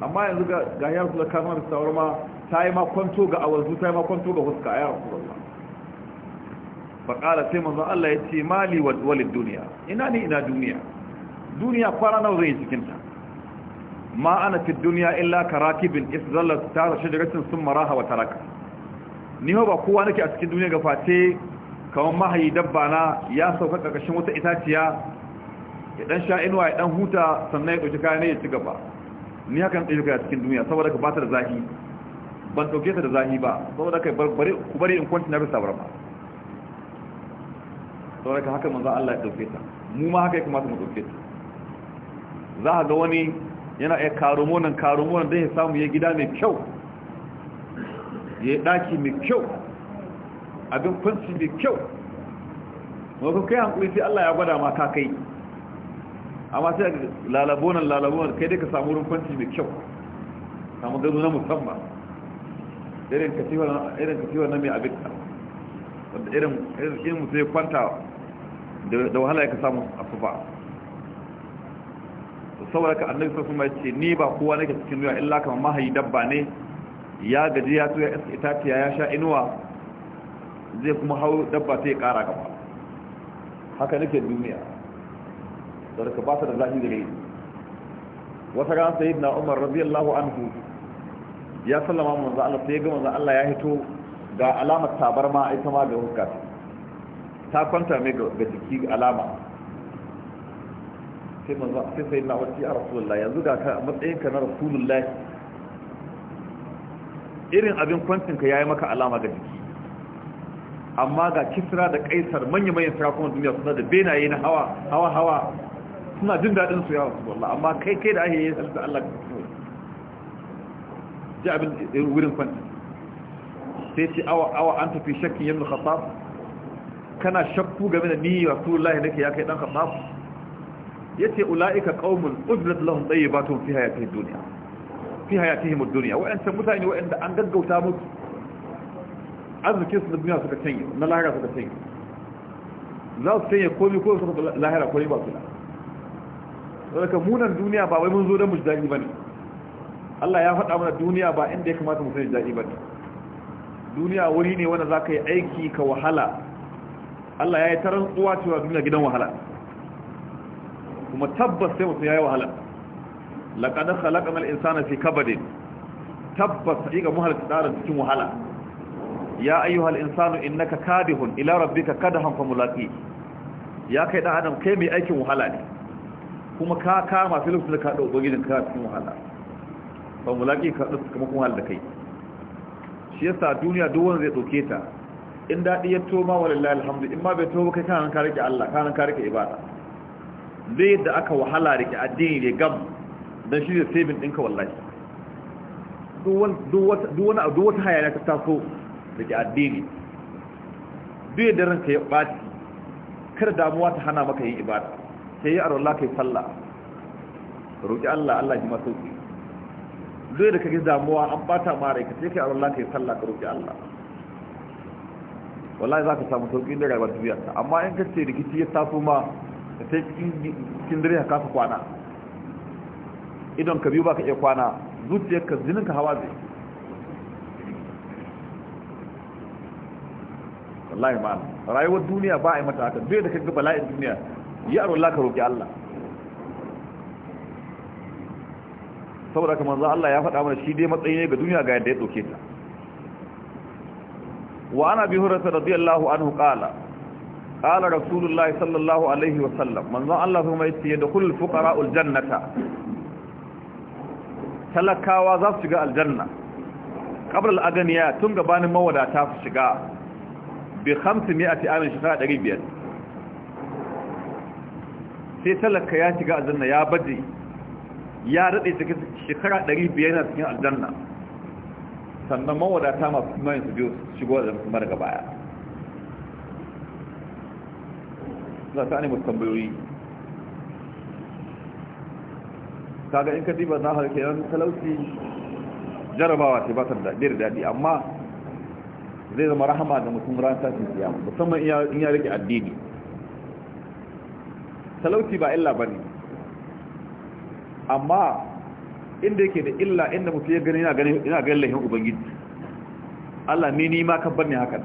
amma yanzu ga ga ya rasul kama ma ta yi ma kwanto ga ta yi ma kwanto ga huska ya rasulullah fa qala sai manzo Allah ya ce mali wa walid dunya ina ni ina duniya duniya kwana nawa zai yi cikinta? ma ana fi dunya illa karakibin isdallat tara shajaratin sun maraha wa taraka ni ba kowa nake a cikin duniya ga fate kawon mahayi dabba na ya sauka ƙarƙashin wata itaciya ya ɗan sha inuwa ya ɗan huta sannan ya ɗauki kayan ya ci gaba ni haka na ɗauki cikin duniya saboda ka bata da zahi ban ɗauke ta da zahi ba saboda ka ku bari in kwanci na bisa bar ba saboda ka haka manzo Allah ya ɗauke ta mu ma haka ya kamata mu ɗauke ta za a ga wani yana iya karumo nan karumo nan don ya samu ya gida mai kyau ya yi ɗaki mai kyau abin kwanci mai kyau wasu kai hankuli sai Allah ya gwada ma ka kai amma sai lalabonan lalabonan kai dai ka samu wurin kwanci mai kyau samu gado na musamman irin kasiwa na mai abin wanda irin irin mutu ya kwanta da wahala ya ka samu a sufa saboda ka annabi sassu mai ce ni ba kowa nake cikin duniya illa kamar mahayi dabba ne ya gaji ya tuya itaciya ya sha inuwa zai kuma hau dabba ta ya kara gaba haka nake duniya da daga ba ta da zahi da rai wata gana sayid na umar radiyallahu anhu ya sallama manzo Allah sai ga manzo Allah ya hito ga alamar tabarma ita ma ga hukka ta kwanta mai ga jiki alama sai manzo sai sayid na wasi a rasulullahi yanzu ga ka matsayin ka na rasulullahi irin abin kwantin ka yayi maka alama ga jiki amma ga kisra da kaisar manya-manyan sarakunan duniya suna da benaye na hawa hawa hawa suna jin daɗin su yawon su wallah amma kai kai da ake yi halitta Allah ka so ji abin wurin kwanci sai ce awa awa an tafi shakkin yanzu khasaf kana shakku game da ni rasulullahi nake ya kai dan khattab yace ulaika qaumul udlat lahum tayyibatun fi hayatid dunya fi hayatihim ad-dunya wa'an mutane waɗanda an gaggauta mutu arzikin su da duniya suka canye na lahira suka canye za su canye komi ko su lahira komi ba su da saboda munan duniya ba wai mun zo don mu ji daɗi ba ne Allah ya faɗa mana duniya ba inda ya kamata mu sani daɗi ba ne duniya wuri ne wanda za ka yi aiki ka wahala Allah ya yi taron tsuwa cewa duniya gidan wahala kuma tabbas sai mutum ya yi wahala laƙadar halakar insana fi kabadin tabbas haƙiƙa muhalarci tsarin cikin wahala ya ayyuhal insanu innaka kadihun ila rabbika kadahan famulaqi ya kai dan adam kai mai aikin wahala ne kuma ka kama filifin da ka da ubangijin ka cikin wahala famulaqi ka da kuma kuma wahala da kai shi yasa duniya duk wanda zai dauke ta in dadi ya toma wallahi alhamdu in ma bai toba kai kana ka rike Allah kana ka rike ibada dai da aka wahala rike addini ne gam dan shi ne saving ɗinka wallahi duk wani duk wata hayaniya ta taso daga addini duk yadda ranka ya ɓaci kar damuwa ta hana maka yin ibada sai yi arwallah kai sallah roƙi Allah Allah ji masauki duk da kake damuwa an bata ma rai ka sai kai arwallah kai sallah ka roƙi Allah wallahi za ka samu sauƙi da rayuwar ta, amma in ka ce rikici ya tafi ma ka sai cikin dare ka kasa kwana idan ka biyu ba ka iya kwana zuciyarka zininka hawa zai wallahi ma rayuwar duniya ba a yi mata haka duk da kaga bala'in duniya ya aro Allah ka roki Allah saboda kamar za Allah ya faɗa mana shi dai matsayi ne ga duniya ga yadda ya ɗauke ta wa ana bi hurata radiyallahu anhu qala qala rasulullahi sallallahu alaihi wa sallam manzon Allah kuma yadda kullum fuqara'ul jannata talakawa za su shiga aljanna qabla al-aganiya tun gabanin mawadata su shiga bi hamsin mai a ti'amin shekara ɗari biyar sai talaka ya shiga aljanna ya baje ya daɗe cikin shekara ɗari biyar na cikin aljanna sannan mawadata masu mayan su biyu shigo da kuma daga baya za ta ne musu tambayoyi kaga in ka diba za a harkar talauci jarabawa ce ba ta da daɗi amma zai zama rahama da mutum ran tashin kiyama musamman in ya rike addini talauci ba illa bane amma inda yake da illa inda mutum ya gani yana ganin ina ganin lahin ubangiji Allah ne ni ma ka bar ni hakan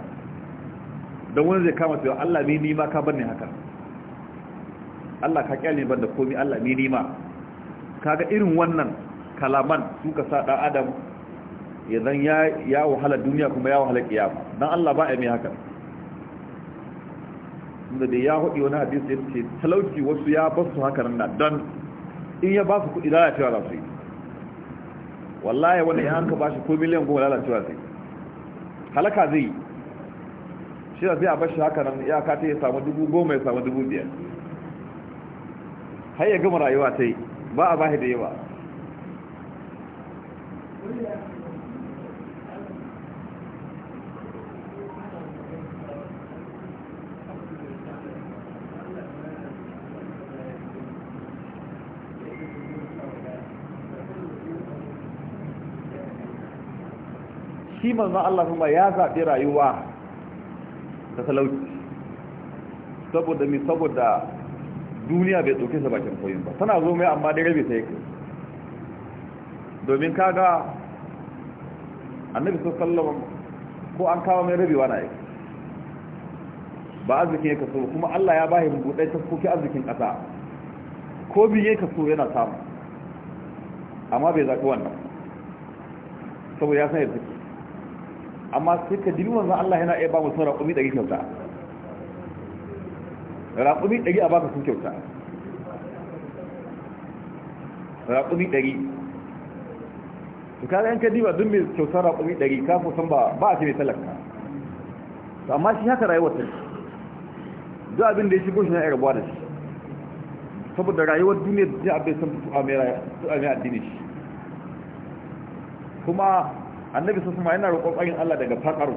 don wani zai kama cewa Allah ne ni ma ka bar ni hakan Allah ka kyale ban da komai Allah ne ni ma kaga irin wannan kalaman suka sa dan adam ya zan ya wahala duniya kuma ya wahala kiyama don Allah ba a mai haka inda da ya hudu wani hadisi ya ce talauci wasu ya basu su haka nan don in ya ba su kuɗi lalacewa za su yi wallaye wani ya hanka ba shi ko miliyan goma lalacewa zai halaka zai shi da zai a bashi haka nan ya kata ya samu dubu goma ya samu dubu biyar har ya gama rayuwa ta yi ba a bahi da yawa shi ma Allah kuma ya zaɓi rayuwa ta talauci saboda mi saboda duniya bai ɗauke sa bakin koyin ba tana zo mai amma da rabe ta yake domin kaga annabi sallama ko an kawo mai rabewa na yake ba arzikin yake so kuma Allah ya bahi buɗe tafkoki arzikin ƙasa ko bi yake so yana samu amma bai zaɓi wannan saboda ya san yadda amma sai ka dibi manzon Allah yana iya ba mutum raƙumi ɗari kyauta raƙumi ɗari a baka sun kyauta raƙumi ɗari su kada yanka diba dun mai kyautar raƙumi ɗari kafin san ba a ce mai talaka amma shi haka rayuwar ta duk abin da ya shigo shi na rabuwa da shi saboda rayuwar duniya da abin san a mai addini shi kuma annabi sun kuma yana roƙon ƙwayin Allah daga fakaru.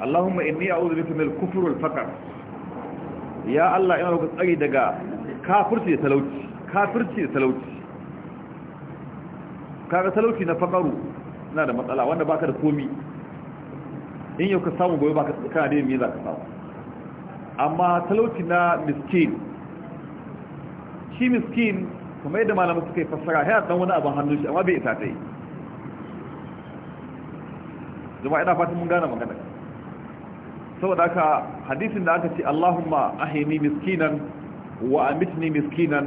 Allahumma inni ya bika min al-kufr wal faqr ya Allah ina roƙon tsari daga kafirci da talauci kafirci da talauci kaga talauci na faƙaru na da matsala wanda baka da komi in yau ka samu gobe baka kana da me za ka samu amma talauci na miskin shi miskin kuma yadda malamu suka yi fassara ya dan wani abin hannun shi amma bai isa ta yi jama'a ina fatan mun gane magana saboda haka hadisin da aka ce Allahumma ahini miskinan wa amitni miskinan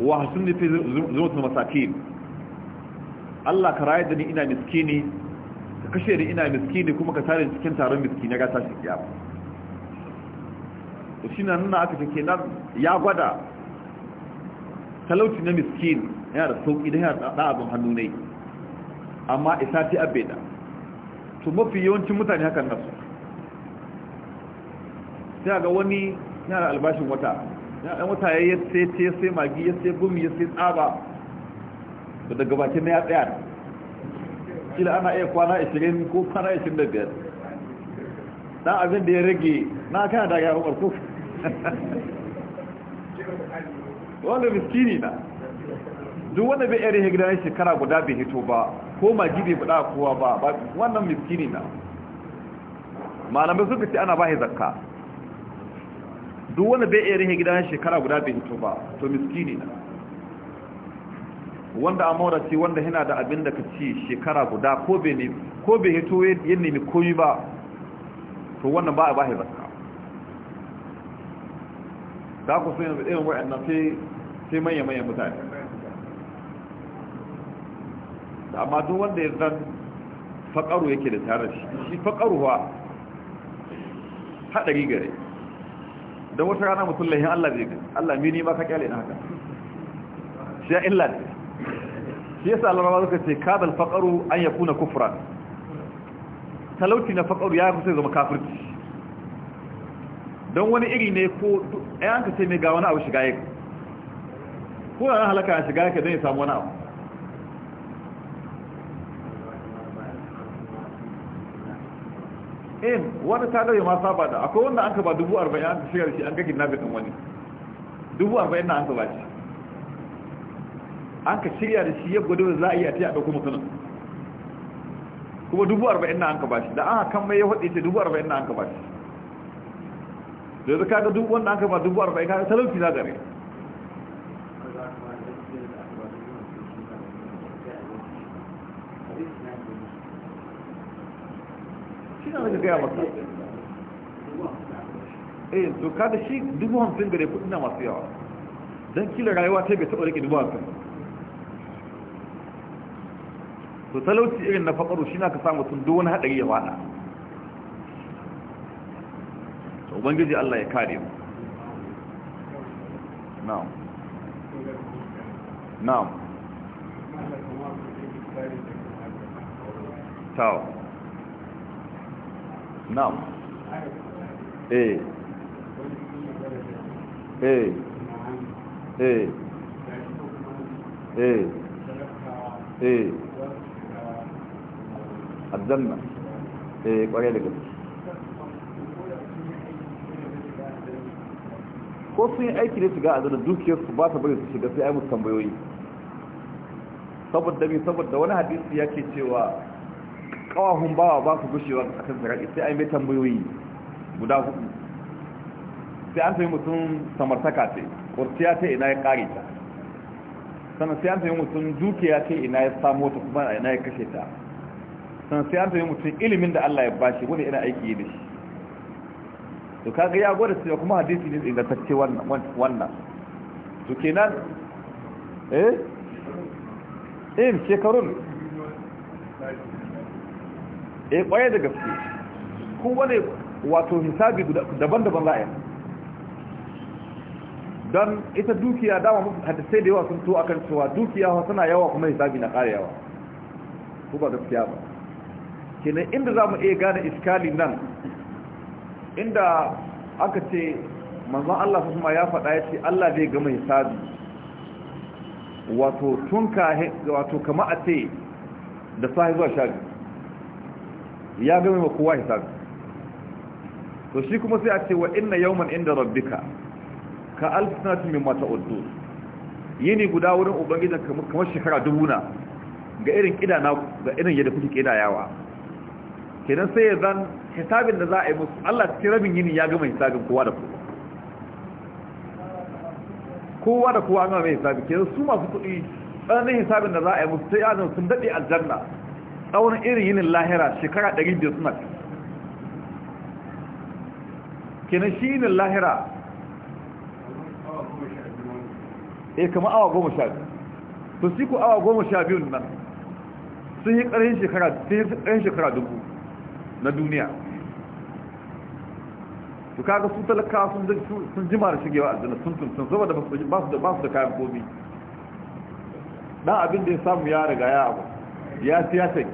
wa hasunni fi zumutul masakin Allah ka rayar da ni ina miskini ka kashe ni ina miskini kuma ka tare cikin taron miskini ga tashi kiyama to shine nan aka ce kenan ya gwada talauci na miskin yana da sauki da yana da abin hannu ne amma isa ti abeda to mafi yawancin mutane hakan nasu sai ga wani yana albashin wata ɗan wata ya yi sai ce sai magi ya sai gumi ya sai tsaba da daga bakin na ya tsaya kila ana iya kwana 20 ko kwana 25 dan abin da ya rage na kana daga yawon ko wanda miskini na duk wanda bai yare hegida na shekara guda bai hito ba ko magi bai faɗa kowa ba wannan miskini na malamai suka ce ana ba shi zakka duk wanda bai iya rihe gidan shekara guda bai hito ba to miskini na wanda a ce wanda yana da abin da ka ci shekara guda ko bai hito ya nemi koyi ba to wannan ba a ba shi zakka za ku sun yanzu irin wa'annan sai manya-manyan mutane amma duk wanda ya zan faƙaru yake da tare shi shi faƙaruwa haɗari gare don wata rana mutum lahin Allah zai gani Allah mini ma ka kyale na haka shi ya illa ne shi yasa alarama zuka ce kabal faƙaru an ya kuna kufra talauci na faƙaru ya kusa zama kafirci don wani iri ne ko ɗayan ka ce mai ga wani abu shiga yake ko yana halaka shiga yake don ya samu wani abu in wani ta ma saba da akwai wanda an ka ba dubu arba'in shigar shi an ka wani dubu arba'in na an ka ba shi an ka shirya da shi za a iya ta a ɗauko kuma dubu arba'in na an ka ba shi da an kan mai ya haɗe ce dubu arba'in na an ka ba shi da yanzu kaga ka ba ta gaya masa eh to kada shi dubu hamsin gare kudi na masu yawa don kila rayuwa ta bai taɓa rike dubu hamsin to talauci irin na faƙaru shi na ka samu tun duwani wani haɗari ya faɗa to ubangiji Allah ya kare mu na'am na'am na'am eh eh eh eh eh aljanna eh kware da gaske ko sun yi aiki da shiga a zana dukiyarsu ba ta bari su shiga sai ai musu tambayoyi saboda me saboda wani hadisi ya ke cewa kawahun bawa ba su gushewa a kan sarari sai an bai tambayoyi guda hudu sai an sami mutum samartaka ce kurciya ce ina ya kare ta sannan sai an sami mutum dukiya ce ina ya samo ta kuma ina ya kashe ta sannan sai an sami mutum ilimin da Allah ya bashi wani ina aiki yi da shi to kaga ya gwada cewa kuma hadisi ne ingantacce wannan to kenan eh in eh, shekarun eh kwaye da gaske kowane wato hisabi daban-daban yi. don ita dukiya dama hadisai da yawa sun to akan cewa dukiya suna yawa kuma hisabi na ƙara yawa ko ba gaskiya ba kenan inda za mu iya gane iskali nan inda aka ce manzan Allah su kuma ya faɗa ya ce Allah zai gama hisabi wato tun ka wato kama a ce da sahi zuwa sha ya gami ma kowa hisabi to shi kuma sai a ce wa inna yawman inda rabbika ka alfinatin min mata uddu yini guda wurin ubangijin kamar shekara dubuna ga irin kida na ga irin yadda kuke yawa kenan sai ya zan hisabin da za a yi musu Allah cikin rabin yini ya gama hisabin kowa da kowa kowa da kowa an gama mai hisabi kenan su masu kuɗi tsananin hisabin da za a yi musu sai ya zan sun daɗe aljanna tsawon irin yinin lahira shekara 500 suna kenan shi yinin lahira eh kama awa goma sha biyu to shi ku awa goma sha biyun nan sun yi ƙarfin shekara dubu na duniya su kaga sun talaka sun jima da shigewa a zina sun tuntun saboda ba su da kayan komi dan abin da ya samu ya riga ya abu ya siyasa eh.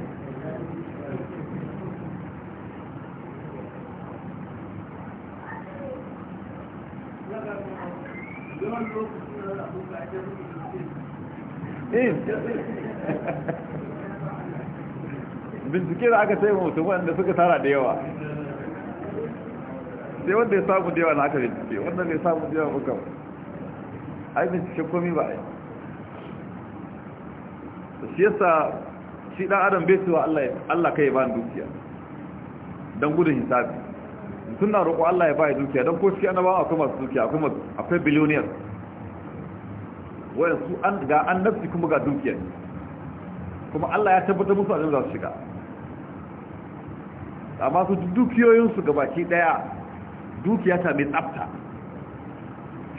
bincike da aka sai mutum wanda suka tara da yawa sai wanda ya samu da yawa na aka bincike wanda ya samu da yawa hukam ai bincike komi ba ai shi yasa shi dan adam bai cewa Allah Allah kai ba dukiya dan gudun hisabi mutum roƙo Allah ya ba dukiya dan ko shi annabawa akwai masu dukiya akwai akwai billionaire wai su an ga annabci kuma ga dukiya kuma Allah ya tabbatar musu aljanna za su shiga amma su dukiyoyin su gabaki daya dukiya ta mai tsafta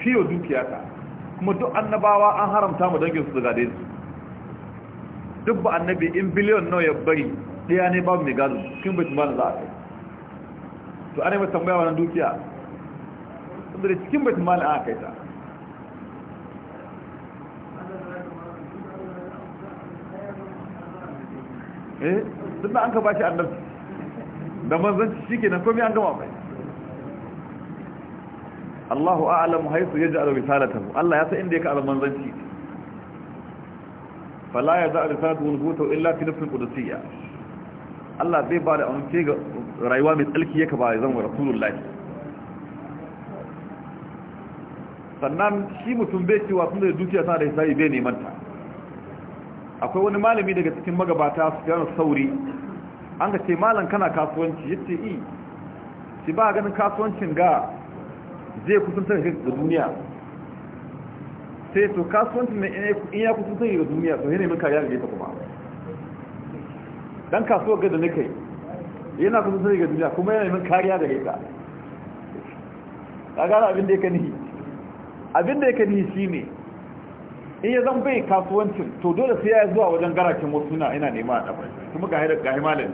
yo dukiya ta kuma duk annabawa an haramta mu dangin su daga dai su duk annabi in biliyon nawa ya bari ɗaya ne babu mai gado cikin bai tumana za a kai to ana yi mata tambaya wannan dukiya saboda cikin bai tumana a kai ta eh duk da an ka ba shi annabci da manzanci shi ke nan komi an gama bai Allahu a'alamu haisu ya ji a risalatahu Allah ya sa inda ya ka manzanci fala ya a risalatu wal buta illa fi nafsil qudusiyya Allah zai ba da amince ga rayuwa mai tsalki yaka ba zan wa rasulullahi sannan shi mutum bai cewa sun da dukiya sa da hisabi bai neman ta akwai wani malami daga cikin magabata su gano sauri an ga ce malam kana kasuwanci yace i eh. shi ba ganin kasuwancin ga zai kusantar da duniya sai to kasuwanci mai in ya kusa zai yi duniya to yanayi min kariya ga ita kuma dan kasuwa gada na kai yana kusa sai ga duniya kuma yana min kariya ga ita a gara abin da ya kanihi abin da ya nihi shi ne in ya zan bai kasuwancin to dole sai ya zuwa wajen garakin wasu na ina nema a ɗabar kuma ga haidar gahi malami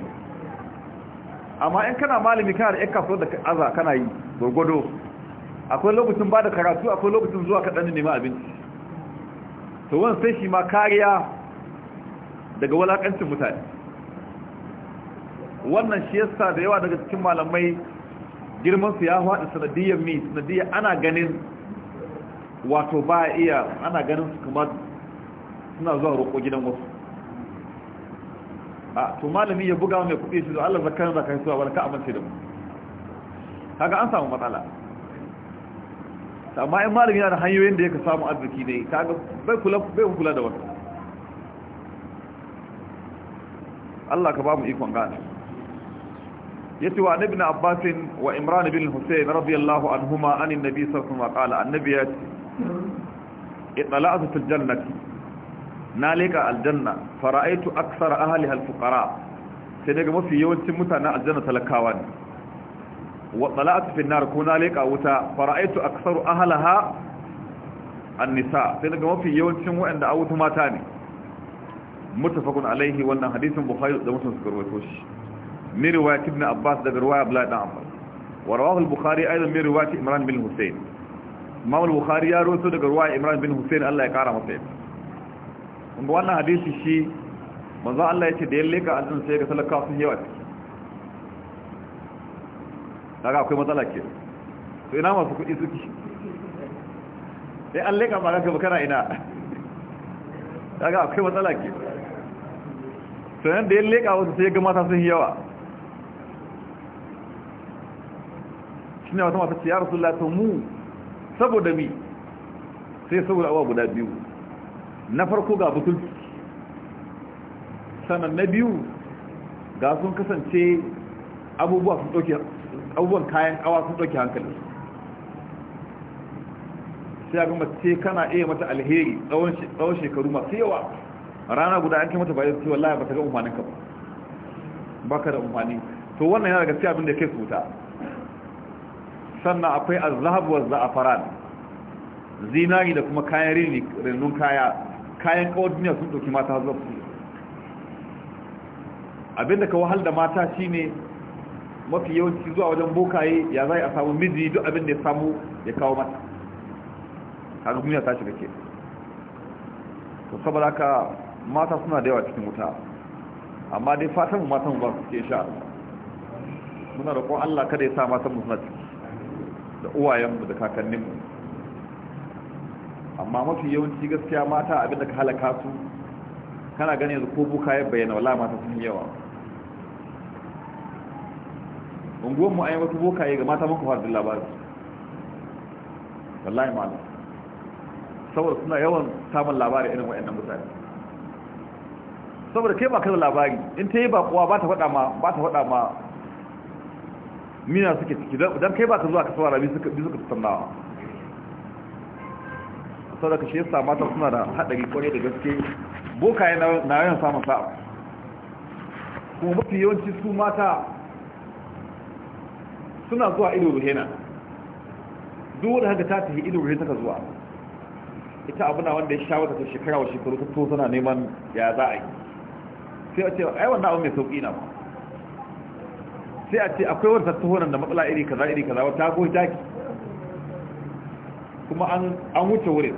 amma in kana malami kana da 'yan kasuwar da aza kana yi gwargwado akwai lokacin ba da karatu akwai lokacin zuwa kaɗan nema abinci to wani sai shi ma kariya daga walakancin mutane wannan shi yasa da yawa daga cikin malamai girman su ya haɗu sanadiyar mi, sanadiyar ana ganin wato ba iya ana ganin su kuma suna zuwa roƙo gidan wasu a to malami ya buga mai kuɗi shi zuwa allah zakarin zakarin suwa wani ka amince da mu kaga an samu matsala amma in malamin yana da hanyoyin da yake samu arziki ne kaga bai kula bai kula da wannan Allah ka ba mu ikon gane yace wa ibn Abbas wa Imran bin Husayn radiyallahu anhuma anin nabi sallallahu alaihi wasallam qala annabi ya ce itla'atu fil jannati nalika aljanna fara'aytu akthara ahliha alfuqara sai daga mafi yawancin mutanen aljanna talakawa ne wa tsala'atu fi nar ko na leƙa wuta fara'aitu aksaru ahlaha an-nisa sai daga mafi yawancin waɗanda a wuta mata ne muttafaqun alaihi wannan hadisin bukhari da muslim suka rawaito shi min riwayat ibn abbas daga riwaya abdullah ibn abbas wa rawahu al-bukhari aidan min riwayat imran bin husayn imam bukhari ya rawaito daga riwaya imran bin husayn Allah ya kara masa yadda wannan hadisi shi manzo Allah ya ce da yalle ka azan sai ga sun kaga akwai matsala ke to ina masu kuɗi suke sai eh, an leƙa ma ranka kana ina kaga akwai matsala ke sanan da ya leƙa wasu sai ga mata sun yawa shine wata mata ce ya rasulullah to mu saboda mi sai saboda awa guda biyu na farko ga butulci sannan na biyu ga sun kasance abubuwa sun ɗauke abubuwan kayan awa sun ɗauki hankali sai ga mace kana iya mata alheri tsawon shekaru masu yawa rana guda an kai mata bayan cewa wallahi bata ga umarnin ka ba ka da umarni to wannan yana daga cikin abin da kai su wuta sannan akwai azhabu wa za'afaran zinari da kuma kayan rini rinnun kaya kayan kawar duniya sun ɗauki mata zuwa abinda ka wahal da mata shine mafi yawanci zuwa wajen bokaye ya zai a samu miji duk abin da ya samu ya kawo mata kaga duniya ta shiga ke to saboda ka mata suna da yawa cikin wuta amma dai fatan mu matan ba su ke sha muna roƙon Allah kada ya sa matan mu suna ciki da uwayen mu da kakannin mu amma mafi yawanci gaskiya mata abin da ka halaka su kana ganin yanzu ko bokaye bayyana wala mata sun yawa unguwan mu ayi wasu bokaye ga mata muka fara labari wallahi malam saboda suna yawan samun labari irin wa'annan mutane saboda kai ba kada labari in ta yi ba kowa ba ta faɗa ma ba ta faɗa ma mina suke ciki don kai ba ka zuwa ka saurara bi suka bi suka tsannawa saboda shi yasa mata suna da haɗari kwarai da gaske bokaye na yawan samun sa'a kuma mafi yawanci su mata suna zuwa ido ruhena duk wanda haka ta tafi ido ruhena ta zuwa ita abuna wanda ya shawata ta shekara wa shekaru ta to suna neman ya za a yi sai a ce ai wannan abu mai sauki na ba sai a ce akwai ta tuhunan da matsala iri kaza iri kaza wata goyi taki kuma an wuce wurin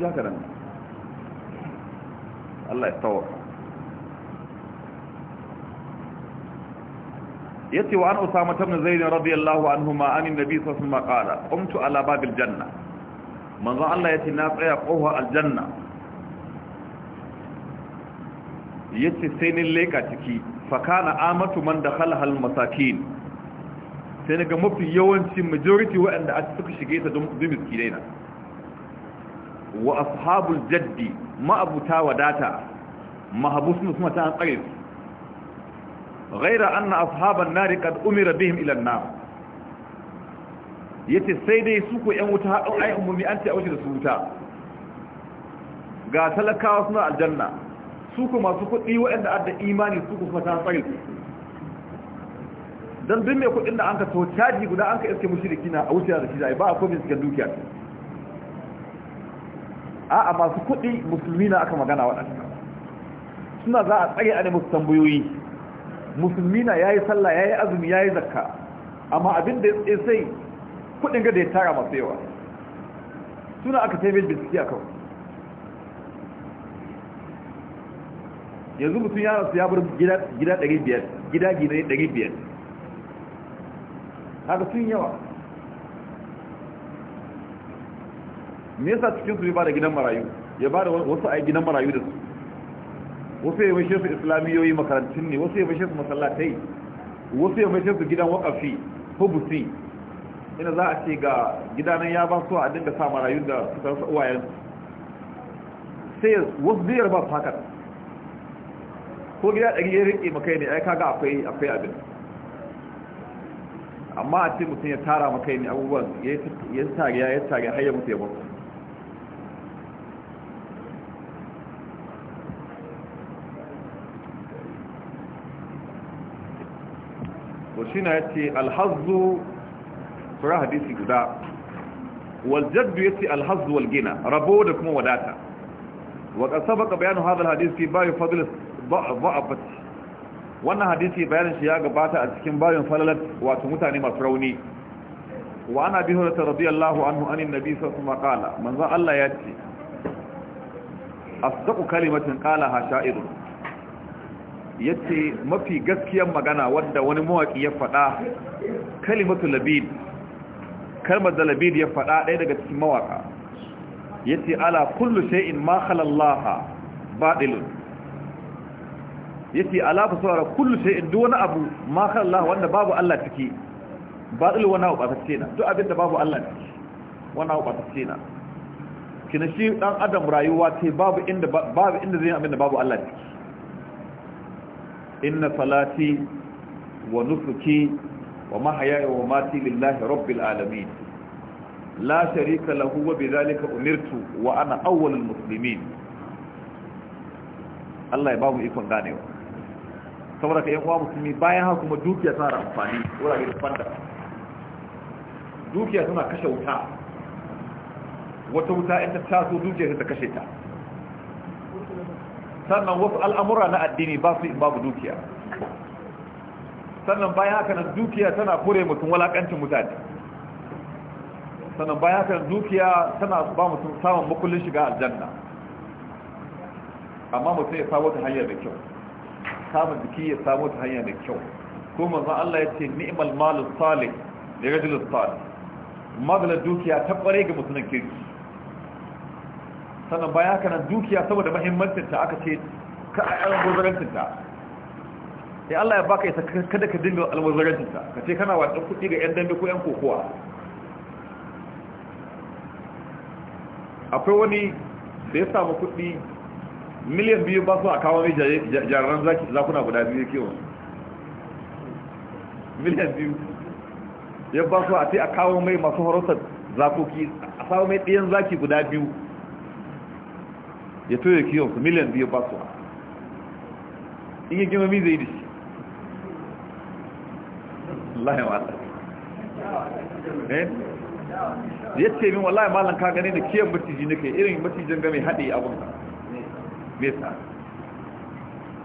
shi haka nan Allah ya tsawo yace wa an usama ibn zaid radiyallahu anhuma anin nabi sallallahu alaihi wasallam qala qumtu ala babil janna manzo Allah yace na tsaya kofa aljanna yace sai ni leka ciki fa kana amatu man dakhalaha almasakin sai daga mafi yawancin majority waɗanda a suka shige ta don miskinai na wa ashabul jaddi ma'abuta wadata mahabusun kuma ta an tsare su ghaira anna ashaban nari qad umira bihim ila an-nar yace sai dai su ko ƴan wuta an ai ummi an ce a wuce da su wuta ga talakawa suna aljanna su ko masu kuɗi waɗanda adda imani su ko kuma ta an tsare su dan duk mai kuɗin da an ka to caji guda an ka iske mushriki na a wuce da shi da ba a komai cikin dukiya a'a masu kuɗi musulmi na aka magana waɗanda suna za a tsare a musu tambayoyi musulmi na ya yi sallah ya yi azumi ya yi zakka amma abin da ya sai kuɗin ga da ya tara masu yawa suna aka taimai bincike a kawai yanzu mutum ya rasu ya bar gida 500 gida gida 500 haka sun yawa me yasa cikin su ba da gidan marayu ya ba da wasu a gidan marayu da su wasu ya bashe su islamiyoyi makarantun ne wasu ya bashe su masallatai wasu ya bashe su gidan wakafi hubusi ina za a ce ga gidanan ya ba su a dinga sa marayu da suka rasa uwayen sai wasu zai yarba su haka ko gida ɗari ya riƙe makai ne ai kaga akwai akwai abin amma a ce mutum ya tara makai ne abubuwan ya yi tariya ya tariya har ya mutu ya mutu shi na yace alhazzu sura hadisi guda wal ya ce alhazzu wal gina rabo da kuma wadata wa qad sabaqa bayanu hadisi bayan fi bayu fadl dha'afat wannan hadisi bayanin shi ya gabata a cikin bayan falalat wato mutane masu rauni wa ana bi hurata radiyallahu anhu anin nabi sallallahu alaihi wasallam qala manzo Allah yace asdaqu kalimatin ha sha'irun yace mafi gaskiyar magana wanda wani mawaki ya faɗa kalimatu labid kalmar da labid ya faɗa ɗaya daga cikin mawaka yace ala kullu shay'in ma khala Allah Ya yace ala fa sawara kullu shay'in duk wani abu ma khala wanda babu Allah ciki batil wani abu batacce na duk abin da babu Allah ciki wani abu batacce na kina shi dan adam rayuwa ce babu inda babu inda zai abin da babu Allah ciki inna salati wa nufuki wa mahayaya wa mati lillahi rabbil alamin la sharika lahu wa bidhalika umirtu wa ana awwalul muslimin Allah ya ba mu ikon ganewa saboda ka yan uwa musulmi bayan haka kuma dukiya tana amfani wurare da fanda dukiya tana kashe wuta wata wuta in ta taso dukiya ta kashe ta sannan wasu al'amura na addini ba su babu dukiya sannan bayan haka na dukiya tana kure mutum walakancin mutane sannan bayan haka na dukiya tana ba mutum samun makullin shiga aljanna amma mutum ya samu ta hanyar da kyau samun jiki ya samu ta hanyar da kyau kuma manzon Allah ya ce ni'mal malus salih li rajulus salih magana dukiya ta kware ga mutumin kirki sannan baya kana dukiya saboda mahimmancinta aka ce ka a almubazarancinta eh Allah ya baka isa kada ka dinga almubazarancinta ka ce kana watsan kuɗi ga 'yan dambe ko 'yan kokowa akwai wani da ya samu kuɗi miliyan biyu ba su a kawo mai jararren zakuna guda biyu kewa miliyan biyu ya ba su a ce a kawo mai masu horosar zakoki a samu mai ɗiyan zaki guda biyu ya toye kiyon su miliyan biyu ba su in yi gina mi zai da shi lahi wata eh ya ce min wallahi malam ka gane da kiyan maciji nake irin macijin ga mai haɗe abin me Mesa.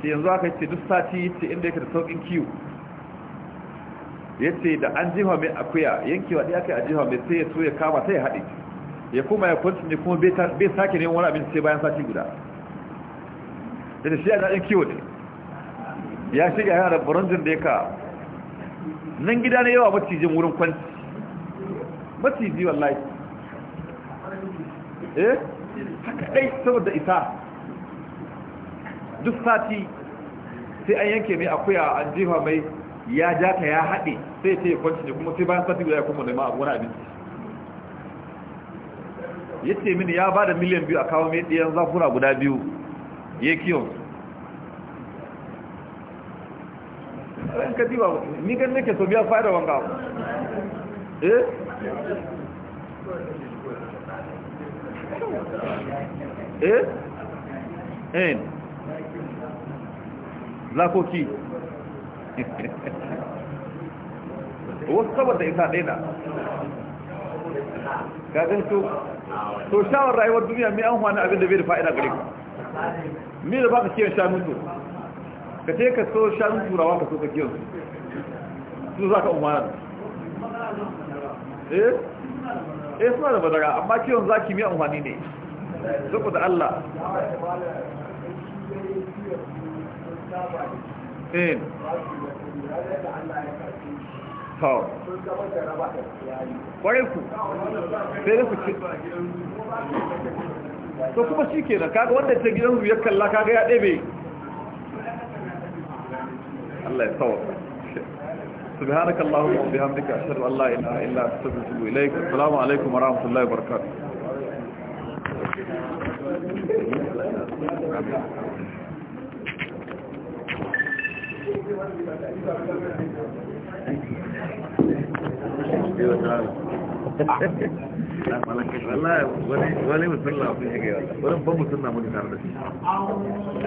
ce yanzu aka ce duk sati ce inda yake da saukin kiwo ya ce da an jihwa mai akuya yankewa ɗaya kai a jihwa mai sai ya so ya kama sai ya haɗe ya kuma ya kwanci ne kuma bai sake neman wani abinci sai bayan sati guda da shi a ɗan kiwo ne ya shiga yana da baranjin da ya ka nan gida ne yawa macijin wurin kwanci maciji wallahi eh haka ɗai saboda isa duk sati sai an yanke mai akuya a jefa mai ya ja ta ya haɗe sai ce kwanci ne kuma sai bayan sati guda ya kuma nema wani abinci ya ce mini ya ba da miliyan biyu a kawo mai ɗiyan zafura guda biyu ya kiyon ran ka ba ni gan nake so biya fa'ida wanga eh eh eh lakoki wasu saboda ita ɗaya na gaɗin su to shawar rayuwar duniya mai an hana abin da bai da fa'ida gare ku mai da baka kiyon shanun su ka ce ka so shanun turawa ka so ka kiyon su su za ka umarar eh eh suna da madara amma kiyon ki mai amfani ne saboda Allah eh kawo kwarai ku sai ku to kuma shi ke da kaga wanda ta gidan ya kalla kaga ya ɗebe Allah ya tsawo سبحانك اللهم وبحمدك اشهد ان لا اله الا انت استغفرك اليك السلام عليكم ورحمه الله وبركاته wani mutum na wani mutum na mutu tare da shi